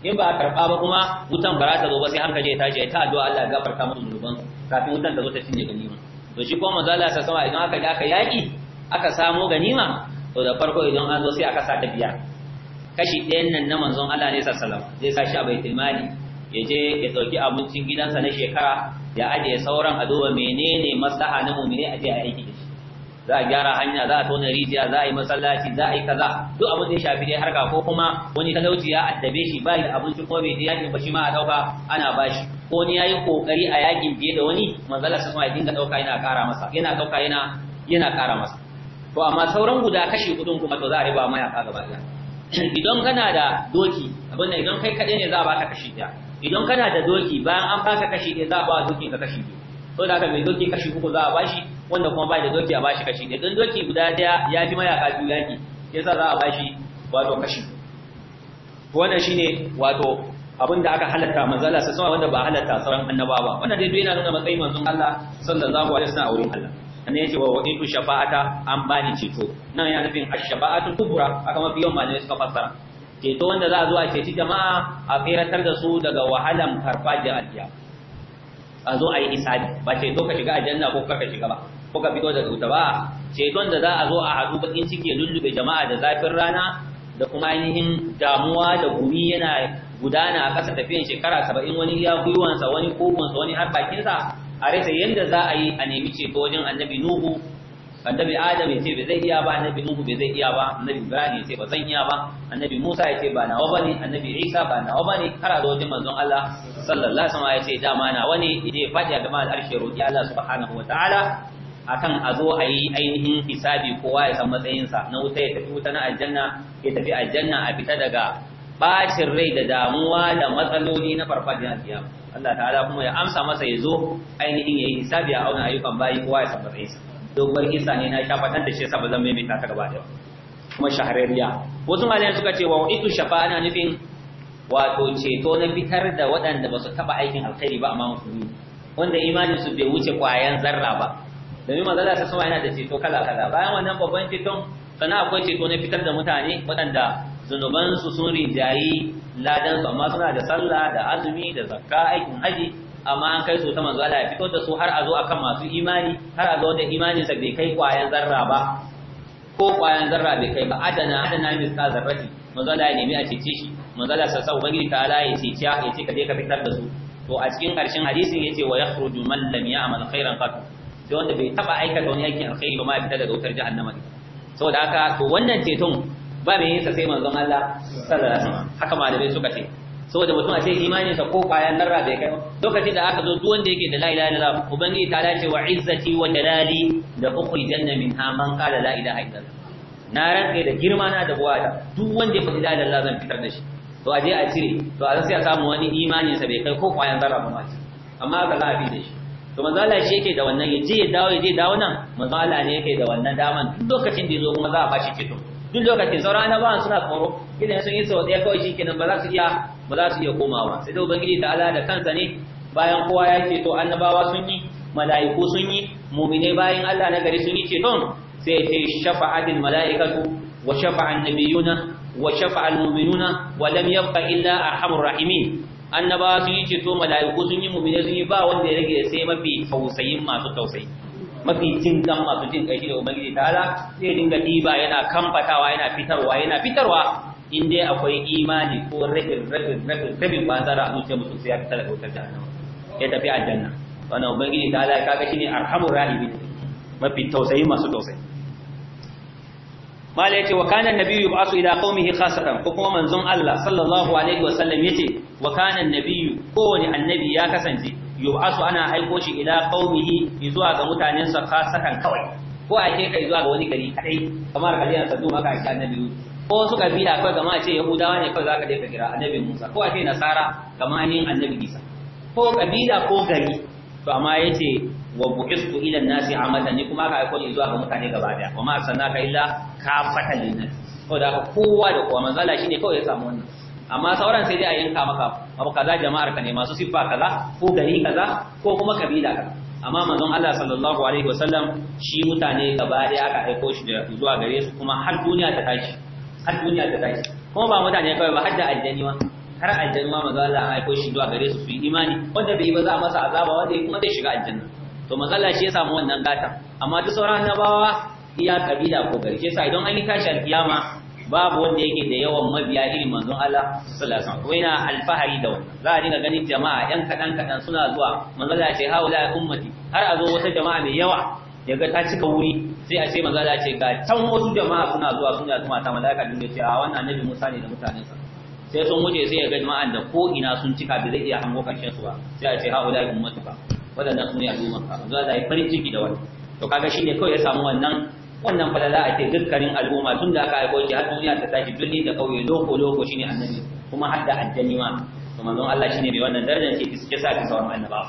in ba a karba ba kuma wutan ba za ta zo ba sai hankali ya tashi ya ta addu'a Allah ya gafarta musu zunuban kafin wutan ta zo ta cinye ganima to shi kuma manzo Allah sama idan aka da aka yaki aka samo ganima to da farko idan an zo sai aka sa ta biya kashi ɗayan nan na manzon Allah ne sallallahu zai sa shi a baitul mali ya je ya dauki abincin gidansa na shekara ya ajiye sauran a duba menene maslaha na mu'mini a je a aiki za a gyara hanya za a tona rijiya za a yi masallaci za a yi kaza duk abin da ya shafi dai harka ko kuma wani talauci ya addabe shi ba da abinci ko bai je yakin ba shi ma a dauka ana bashi ko ni yayi kokari a yakin fiye da wani manzala sai ya dinga dauka yana kara masa yana dauka yana yana kara masa to amma sauran guda kashi kudin kuma to za a riba ka gaba ɗaya <clears throat> idan kana da doki abin da idan kai kaɗai ne za a baka kashi ɗaya idan kana da doki bayan an baka kashi ɗaya za a ba doki ka kashi biyu to da haka mai doki kashi uku za a bashi wanda kuma bai da doki a bashi kashi ɗaya doki guda ɗaya ya fi mayaka biyu yaki yasa za a bashi wato kashi wannan shine wato abin da aka halatta manzala sai sama wanda ba halatta sauran annaba ba wannan dai yana nuna matsayin manzon Allah sallallahu alaihi wasallam a wurin Allah annabi yace wa wa'itu shafa'ata an bani ceto nan ya nufin ash-shafa'atu kubra aka mafi yawan malamai suka fassara ceto wanda za a zo a ceci jama'a a tseratar da su daga wahalan farfajiyar aljiya a zo a yi isabi ba ceto ka shiga aljanna ko ka shiga ba kuka fito da wuta ba ceton da za a zo a haɗu bakin ciki ya lullube jama'a da zafin rana da kuma ainihin damuwa da gumi yana gudana a ƙasa tafiyan shekara saba'in wani ya gwiwansa wani kogonsa wani har bakinsa a rasa yadda za a yi a nemi ceto wajen annabi nuhu annabi adam ya ce bai zai iya ba annabi nuhu bai zai iya ba annabi ibrahim ya ce ba zan iya ba annabi musa ya ce ba nawa ba ne annabi isa ba nawa ba ne har da wajen manzon Allah sallallahu alaihi wasallam ya ce dama na wani ide fadi a gaban al'arshi roƙi Allah subhanahu wataala akan a zo a yi ainihin hisabi kowa ya san matsayinsa na wuta ya tafi wuta na aljanna ya tafi aljanna a fita daga bacin rai da damuwa da matsaloli na farfajiyar kiyama Allah ta'ala kuma ya amsa masa ya zo ainihin ya yi hisabi a auna ayyukan bayi kowa ya san matsayinsa dogon kisa ne na shafatan da shi yasa ba zan maimaita ta gaba da kuma shahararriya wasu malayan suka ce wa itu shafa ana nufin wato ceto na fitar da waɗanda ba su taɓa aikin alkhairi ba amma musulmi wanda imanin su bai wuce ƙwayan zarra ba domin manzala ta sama yana da ceto kala kala bayan wannan babban ceton sannan akwai ceto na fitar da mutane waɗanda zunubansu sun rinjayi ladan amma suna da sallah da azumi da zakka aikin haji amma an kai su ta manzo Allah ya fito da su har a zo akan masu imani har a zo da imanin sa bai kai kwayan zarra ba ko kwayan zarra bai kai ba adana adana ne sa zarrati manzo Allah ya nemi a cece shi manzo Allah sa ta Allah ya cece ya ce ka je ka fitar da su to a cikin karshen hadisin yace wa yakhruju man lam ya'mal khairan qat sai wanda bai taba aikata wani aikin alkhairi ba ma ya fita daga wutar jahannama ne saboda haka to wannan ceton ba mai yin sa sai manzon Allah sallallahu alaihi wasallam haka malamai suka ce saboda mutum a ce imanin sa ko kwayan narra bai kai lokacin da aka zo duk wanda yake da la ilaha illallah ubangiji ta dace wa izzati wa dalali da ukhrijanna minha man qala la ilaha illallah na rantsa da girma na da buwata duk wanda ya faɗi la ilaha illallah zan fitar da shi to a je a cire to a sai a samu wani imanin sa bai kai ko kwayan zarra ba ma amma ka za a bi da shi to manzo shi yake da wannan ya ya dawo ya je dawo nan manzo ne yake da wannan daman duk lokacin da yazo kuma za a bashi ceto duk lokacin sauran annabawan suna tsoro idan sun yi sau ɗaya kawai shikenan ba za su iya ba za su iya komawa sai da ubangiji ta Allah da kansa ne bayan kowa ya ce to annabawa sun yi mala'iku sun yi mu'mine bayan Allah na gari sun yi ceton sai ce shafa'atil mala'ikatu wa shafa'an nabiyuna wa shafa'al mu'minuna wa lam yabqa illa arhamur rahimin annaba sun yi ceto mala'iku sun yi mu'mini sun yi ba wanda ya rage sai mafi tausayin masu tausayi mafi jin kan masu jin kai da ubangiji ala sai dinga diba yana kamfatawa yana fitarwa yana fitarwa in dai akwai imani ko rage rage rage rabin bazara a zuciya mutum sai ya fitar da wutar jahannama ya tafi aljanna wannan ubangiji ya kaga shine arhamur rahimin mafi tausayi masu tausayi mala yace wa kana annabiyyu yub'athu ila qaumihi khasatan ko kuma manzon Allah sallallahu alaihi wasallam yace wa kana annabiyyu kowane annabi ya kasance yub'asu ana aiko shi ila qaumihi zuwa ga mutanen sa sakan kawai ko a ke kai zuwa ga wani gari kadai kamar kaliya sadu maka aka annabi ko su kabila kawai kamar a ce yahudawa ne kawai zaka dai ka kira annabi Musa ko a ce nasara kamar ainihin annabi Isa ko kabila ko gari to amma yace wa bu'istu ila an-nasi amatan ni kuma aka aiko ni zuwa ga mutane gaba daya kuma sanaka illa illa kafatan lin-nas ko da kowa da kowa manzala shine kawai ya samu wannan amma sauran sai dai a yanka maka abu kaza jama'ar ka ne masu siffa kaza ko gari kaza ko kuma kabila kaza amma manzon Allah sallallahu alaihi wasallam shi mutane gaba ɗaya aka aiko shi da zuwa gare su kuma har duniya ta tashi har duniya ta tashi kuma ba mutane kawai ba har da aljani ma har aljani ma manzon Allah an aiko shi zuwa gare su su yi imani wanda bai yi ba za a masa azaba wanda kuma zai shiga aljanna to manzon shi ya samu wannan gata. amma duk sauran annabawa iya kabila ko gari shi yasa idan an yi tashi alkiyama babu wanda yake da yawan mabiya irin manzon Allah sallallahu alaihi wasallam yana alfahari da wannan za a dinga ganin jama'a yan kadan kadan suna zuwa manzo Allah ya ce haula ummati har a zo wata jama'a mai yawa yaga ta cika wuri sai a ce manzo Allah ya ce ga can wasu jama'a suna zuwa suna zuwa ta malaika din ya ce a wannan annabi Musa ne da mutanen sa. sai sun wuce sai ya ga jama'a da ko ina sun cika bai zai iya hango karshen su ba sai a ce haula ba. wadannan sun yi al'umma manzo Allah ya farin ciki da wannan to kaga shine kawai ya samu wannan wannan falala a ce dukkanin al'umma tun da aka aiko shi har duniya ta tashi birni da kauye loko loko shine annabi kuma har da aljani ma to manzon Allah shine mai wannan darajar ce ki sa ki sauran annaba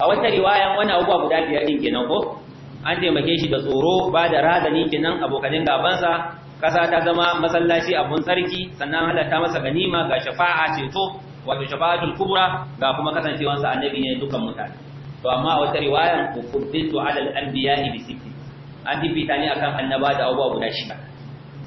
a wata riwaya wani abubuwa guda biyar din kenan ko an taimake shi da tsoro ba da razani kenan abokanin gabansa kasa ta zama masallaci abun sarki, sannan halatta masa ganima ga shafa'a ceto wato shafa'atul kubra ga kuma kasancewansa annabi ne dukkan mutane to amma a wata riwaya ku fuddintu alal anbiya'i bi sittin an fifita ne akan annaba da abubuwa guda shida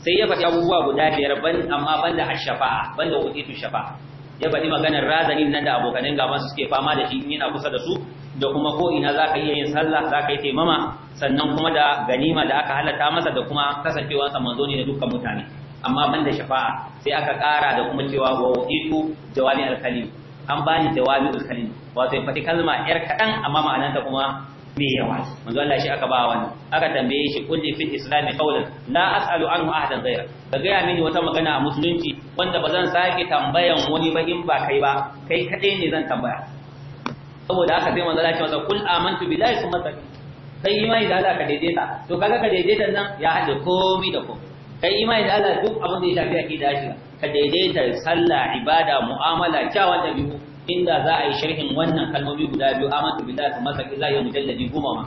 sai ya faɗi abubuwa guda biyar ban amma banda ashafa'a, ban banda utitu shafa'a ya faɗi maganar razanin nan da abokanin gaban suke fama da shi in yana kusa da su da kuma ko ina za ka iya yin sallah za ka yi taimama sannan kuma da ganima da aka halatta masa da kuma kasancewarsa manzo ne da dukkan mutane amma banda shafa'a sai aka ƙara da kuma cewa wa utitu jawami alkalim an bani jawami alkalim wato ya faɗi kalma yar kaɗan amma ma'anarta kuma mai yawa manzo Allah shi aka ba wani aka tambaye shi kulli fil islam qawlan la as'alu anhu ahadan ghayra ka gaya mini wata magana a musulunci wanda bazan sake tambayan wani ba in ba kai ba kai kadai ne zan tambaya saboda haka sai manzo Allah ya ce kul amantu billahi summa tabi kai imani da Allah ka daidaita to kaga ka daidaita nan ya hada komai da komai kai imani da Allah duk abin da ya shafi akida shi ka daidaita sallah ibada mu'amala kyawun dabi'u inda za a yi sharhin wannan kalmomi guda biyu amantu billahi wa masa illahi wa mujalladi goma ma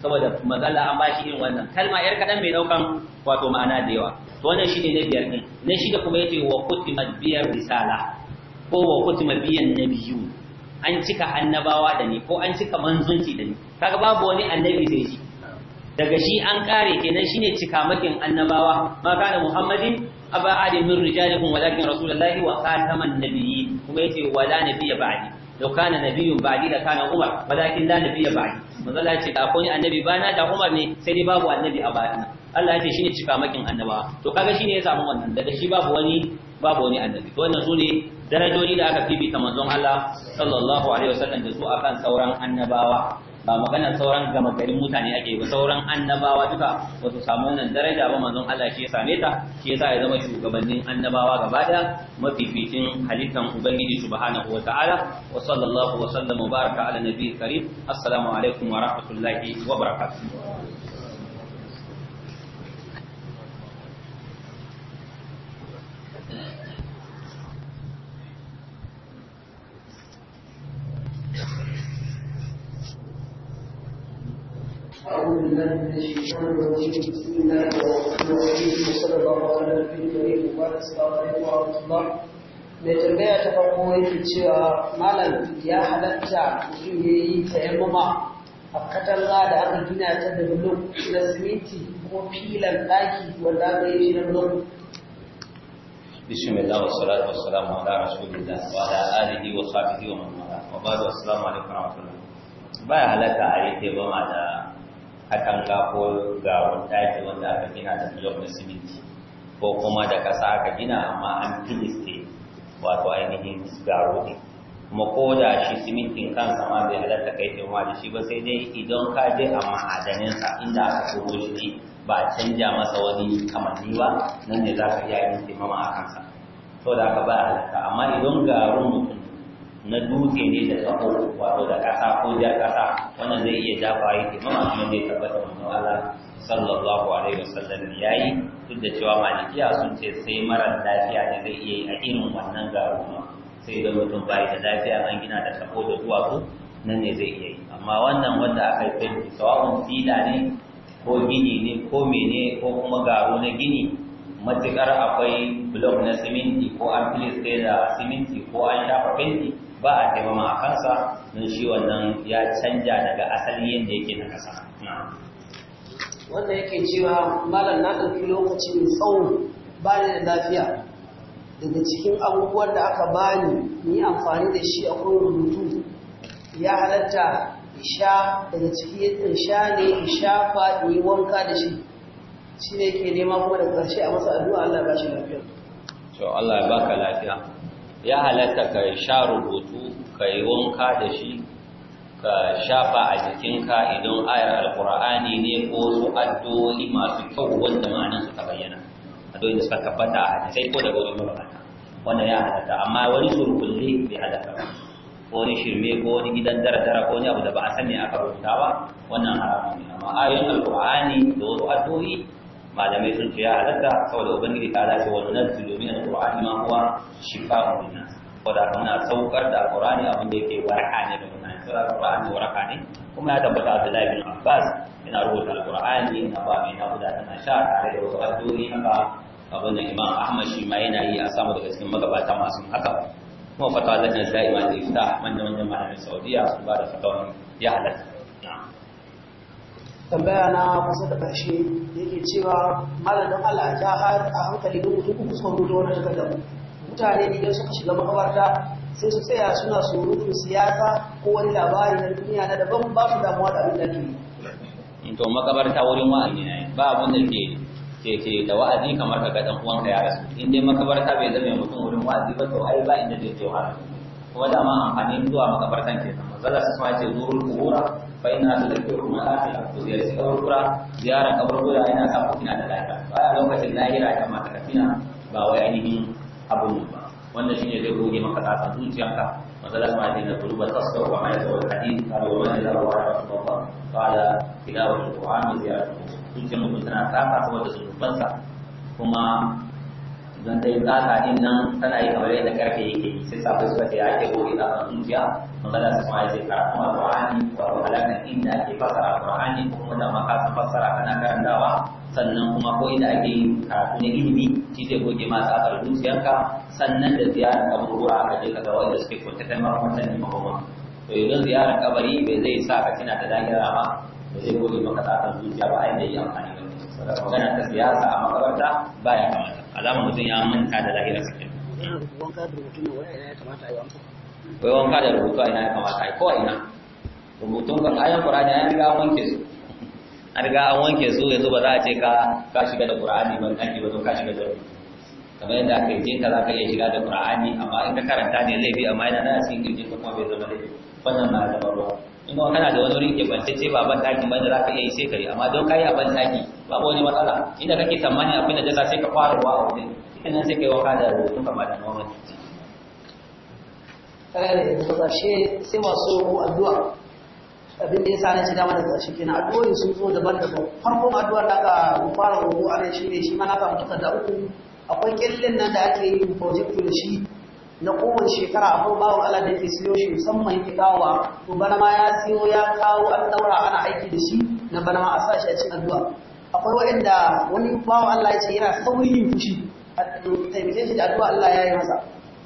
saboda mazalla an shi irin wannan kalma yar kadan mai ɗaukan wato ma'ana da yawa to wannan shine na biyar din na shida kuma yace wa kutimat biyar risala ko wa kutimat biyan nabiyyu an cika annabawa da ni ko an cika manzunci da ni kaga babu wani annabi sai shi daga shi an kare kenan shine cikamakin annabawa ma kana muhammadin aba adi min rijalikum walakin rasulullahi wa khataman nabiyyin kuma yace wala nabiyya ba'di law kana nabiyyun ba'di la kana umar walakin la nabiyya ba'di manzo Allah yace da akwai annabi bana da umar ne sai dai babu annabi a bayana Allah yace shine cikamakin annabawa to kaga shine ya samu wannan daga shi babu wani babu wani annabi to wannan sune darajoji da aka fifita manzon Allah sallallahu alaihi wasallam da su akan sauran annabawa ba magana sauran gama garin mutane ake ba sauran annabawa duka ba su samu wannan daraja ba manzon Allah shi ya same ta shi yasa ya zama shugabannin annabawa gaba da mafificin halittan ubangiji subhanahu wataala wa sallallahu wa sallama baraka ala nabiyyi karim assalamu alaikum wa rahmatullahi wa barakatuh بالله من الشيطان الرجيم بسم الله الرحمن الرحيم وصلى الله على النبي الكريم وبارك السلام عليكم ورحمه الله mai tambaya ta farko yake cewa malam ya halatta mutum ya yi tayammuma a katanga da aka gina ta da blok na siminti ko filan ɗaki wanda aka yi shi na blok بسم الله والصلاة والسلام على رسول الله وعلى آله وصحبه ومن والاه وبعد السلام عليكم ورحمة الله baya halatta a yi taimama da katanga ko ga wani ɗaki wanda aka gina da blok na siminti ko kuma da ƙasa aka gina amma an filiste wato ainihin garo ne kuma ko da shi simintin kansa ma bai halatta kai ɗinwa da shi ba sai dai idan ka je a ma'adaninsa inda aka koro shi ne ba a canja masa wani kamanni ba nan ne za ka iya yin taimama a kansa to da aka ba halatta amma idan garin mutum na dutse ne da tsako wato da ƙasa ko ja kasa wanda zai iya jafa yi imama amma zai tabbata wani wala sallallahu alaihi wasallam yayi duk da cewa malikiya sun ce sai marar lafiya ne zai iya yi a irin wannan garuma sai da mutum bai da lafiya an gina da tsako da duwatsu nan ne zai iya yi amma wannan wanda aka yi fenti sawa'un fila ne ko gini ne ko mene ko kuma garo na gini matukar akwai blok na siminti ko an filis da siminti ko an shafa fenti ba a taimama a kansa don shi wannan ya canja daga asali yadda yake na kasa wanda yake cewa malam na ɗauki lokaci mai tsawo ba da lafiya daga cikin abubuwan da aka bani ni amfani da shi akwai rubutu ya halatta isha daga ciki yadda sha ne isha fa yi wanka da shi shi ne ke nema kuma da ƙarshe a masa addu'a Allah ba shi lafiya to Allah ya baka lafiya ya halatta ka sha rubutu ka yi wanka da shi ka shafa a jikinka idan ayar alkur'ani ne ko su addu'o'i masu kyau wanda ma'anin su ta bayyana addu'o'i da suka tabbata a sai ko daga wani mabata wannan ya halatta amma wani surkulle bai halatta ba ko wani shirme ko wani gidan dara-dara ko wani abu da ba a sani aka rubuta ba wannan haramun ne amma ayoyin alkur'ani da wasu addu'o'i malamai sun ce ya halatta saboda ubangiji ta dace wa nunazzilu min alqur'ani ma huwa shifaa'un linnas saboda haka muna saukar da alqur'ani abin da yake waraka ne da mutane da alqur'ani waraka ne kuma ya tabbata Abdullahi bin Abbas yana rubuta alqur'ani na ba mai guda tana sha tare da wasu addu'o'i haka abin da Imam Ahmad shi ma yana yi a samu daga cikin magabata masu haka kuma fatawa zai na sa'i da ifta manyan manyan malamai Saudiya su ba da fatawa ya halatta tambaya na kusa da ƙarshe yake cewa malamin Allah ya a hankali don mutum uku suka rubuta wani takardar mutane ne idan suka shiga makabarta sai su tsaya suna surutun siyasa ko wani labari na duniya na daban ba su damuwa da abin da ke yi. to makabarta wurin wa'azi ne ba abin da ke ke ce da wa'azi kamar ka ga dan uwan ka ya rasu in dai makabarta bai zama mutum wurin wa'azi ba to ai ba inda zai ce wa'azi kuma dama amfanin zuwa makabartan ke zama zalla su ce zuwa fa ina da dukkan kuma za ka tafi da su kamar kura ziyara kamar kura ina sa ku da lafiya ba a lokacin lahira ya kamata ka kina ba wai ainihin abun ba shine zai goge maka tsasa zuciyarka masala ma din da kuluba tasawwur wa ma'ana tawhid hadin qala wa man la wa ta tawfa qala ila wa qur'an ziyara kuma kun tana tsafa saboda zubban sa kuma don ta yi tsaka din nan tana yi kamar yadda karfe yake sai sabai suka ce ake gobe da kan zuciya magana su kuma ce karatu alqur'ani wa halakan inda ake fassara alqur'ani ko kuma da maka fasara fassara kana karantawa sannan kuma ko inda ake karatu na ilimi shi zai goge ma tsakar zuciyarka sannan da ziyarar kaburbura a kaje ka ga wanda suke kwanta kai maka ne mahoma to idan ziyarar kabari bai zai sa ka tana da dagira ba ba zai goge maka tsakar zuciya ba a inda yi amfani magana ta siyasa a makaranta baya kamata alama mutum ya manta da lahira sakin wanka da rubutu wai kamata wanka da rubutu ina ya kamata a yi ko ina rubutun kan ayan qur'ani an riga an wanke su an riga an wanke su yanzu ba za a ce ka ka shiga da qur'ani ban kan ba don ka shiga da rubutu kamar yadda aka yi ka za ka iya shiga da qur'ani amma in ka karanta ne laifi amma yana da cikin kirjin kuma bai zama laifi wannan ma zama ruwa in kuma kana da wani wurin kebantacce ba ban taki ba da za ka iya yi sai ka yi amma don ka yi a ban taki ba wani matsala inda kake tsammani abin da jasa sai ka fara ruwa a wajen nan sai ka yi waka da rubutun kama da noman kare da ƙarshe sai masu addu'a abin da ya sa na ci dama da ƙarshe kenan addu'o'in sun zo daban-daban farkon addu'ar da aka fara rubu a nan ne shi ma na mutu da uku akwai kyallin nan da ake yi project da shi na kowane shekara akwai bawa Allah da yake siyo shi musamman yake kawowa to bana ma ya siyo ya kawo an daura ana aiki da shi na bana ma a sa shi a cikin addu'a akwai wanda wani bawon Allah ya ce yana saurin yin fushi taimake shi da addu'a Allah ya yi masa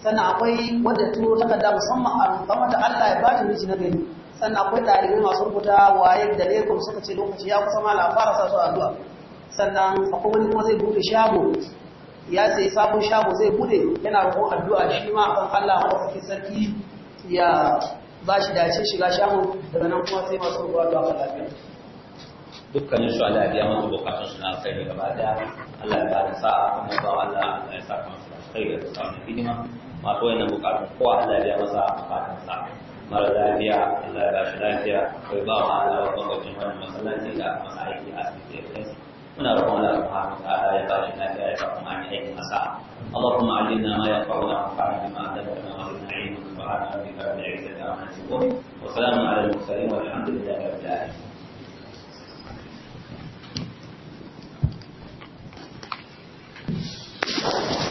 sannan akwai wanda turo takarda musamman a roƙa da Allah ya ba ta miji na gari sannan akwai ɗalibai masu rubuta waye da lekom suka ce lokaci ya kusa ma la fara sa su addu'a sannan akwai wani kuma zai buɗe shago ya sai sabon shago zai bude yana ko addu'a shi ma kan Allah madaukakin sarki ya ba shi dace shiga shago daga nan kuma sai masu ruwa da lafiya dukkanin su Allah ya biya bukatun su na sai gaba Allah ya bada sa'a kuma ba Allah ya kuma musu sai da samun hidima masu wayannan bukatun ko Allah ya masa bukatun sa mara lafiya Allah ya ba shi lafiya ko ba Allah ya kuma wannan masallaci da masu aiki a muna roƙon سبحانه وتعالى wa ta'ala ya ba shi lafiya اللهم علمنا ما ينفعنا وانفعنا بما علمتنا وزدنا علما سبحان ربك رب العزة عما يصفون وسلام على المرسلين والحمد لله رب العالمين Thank you.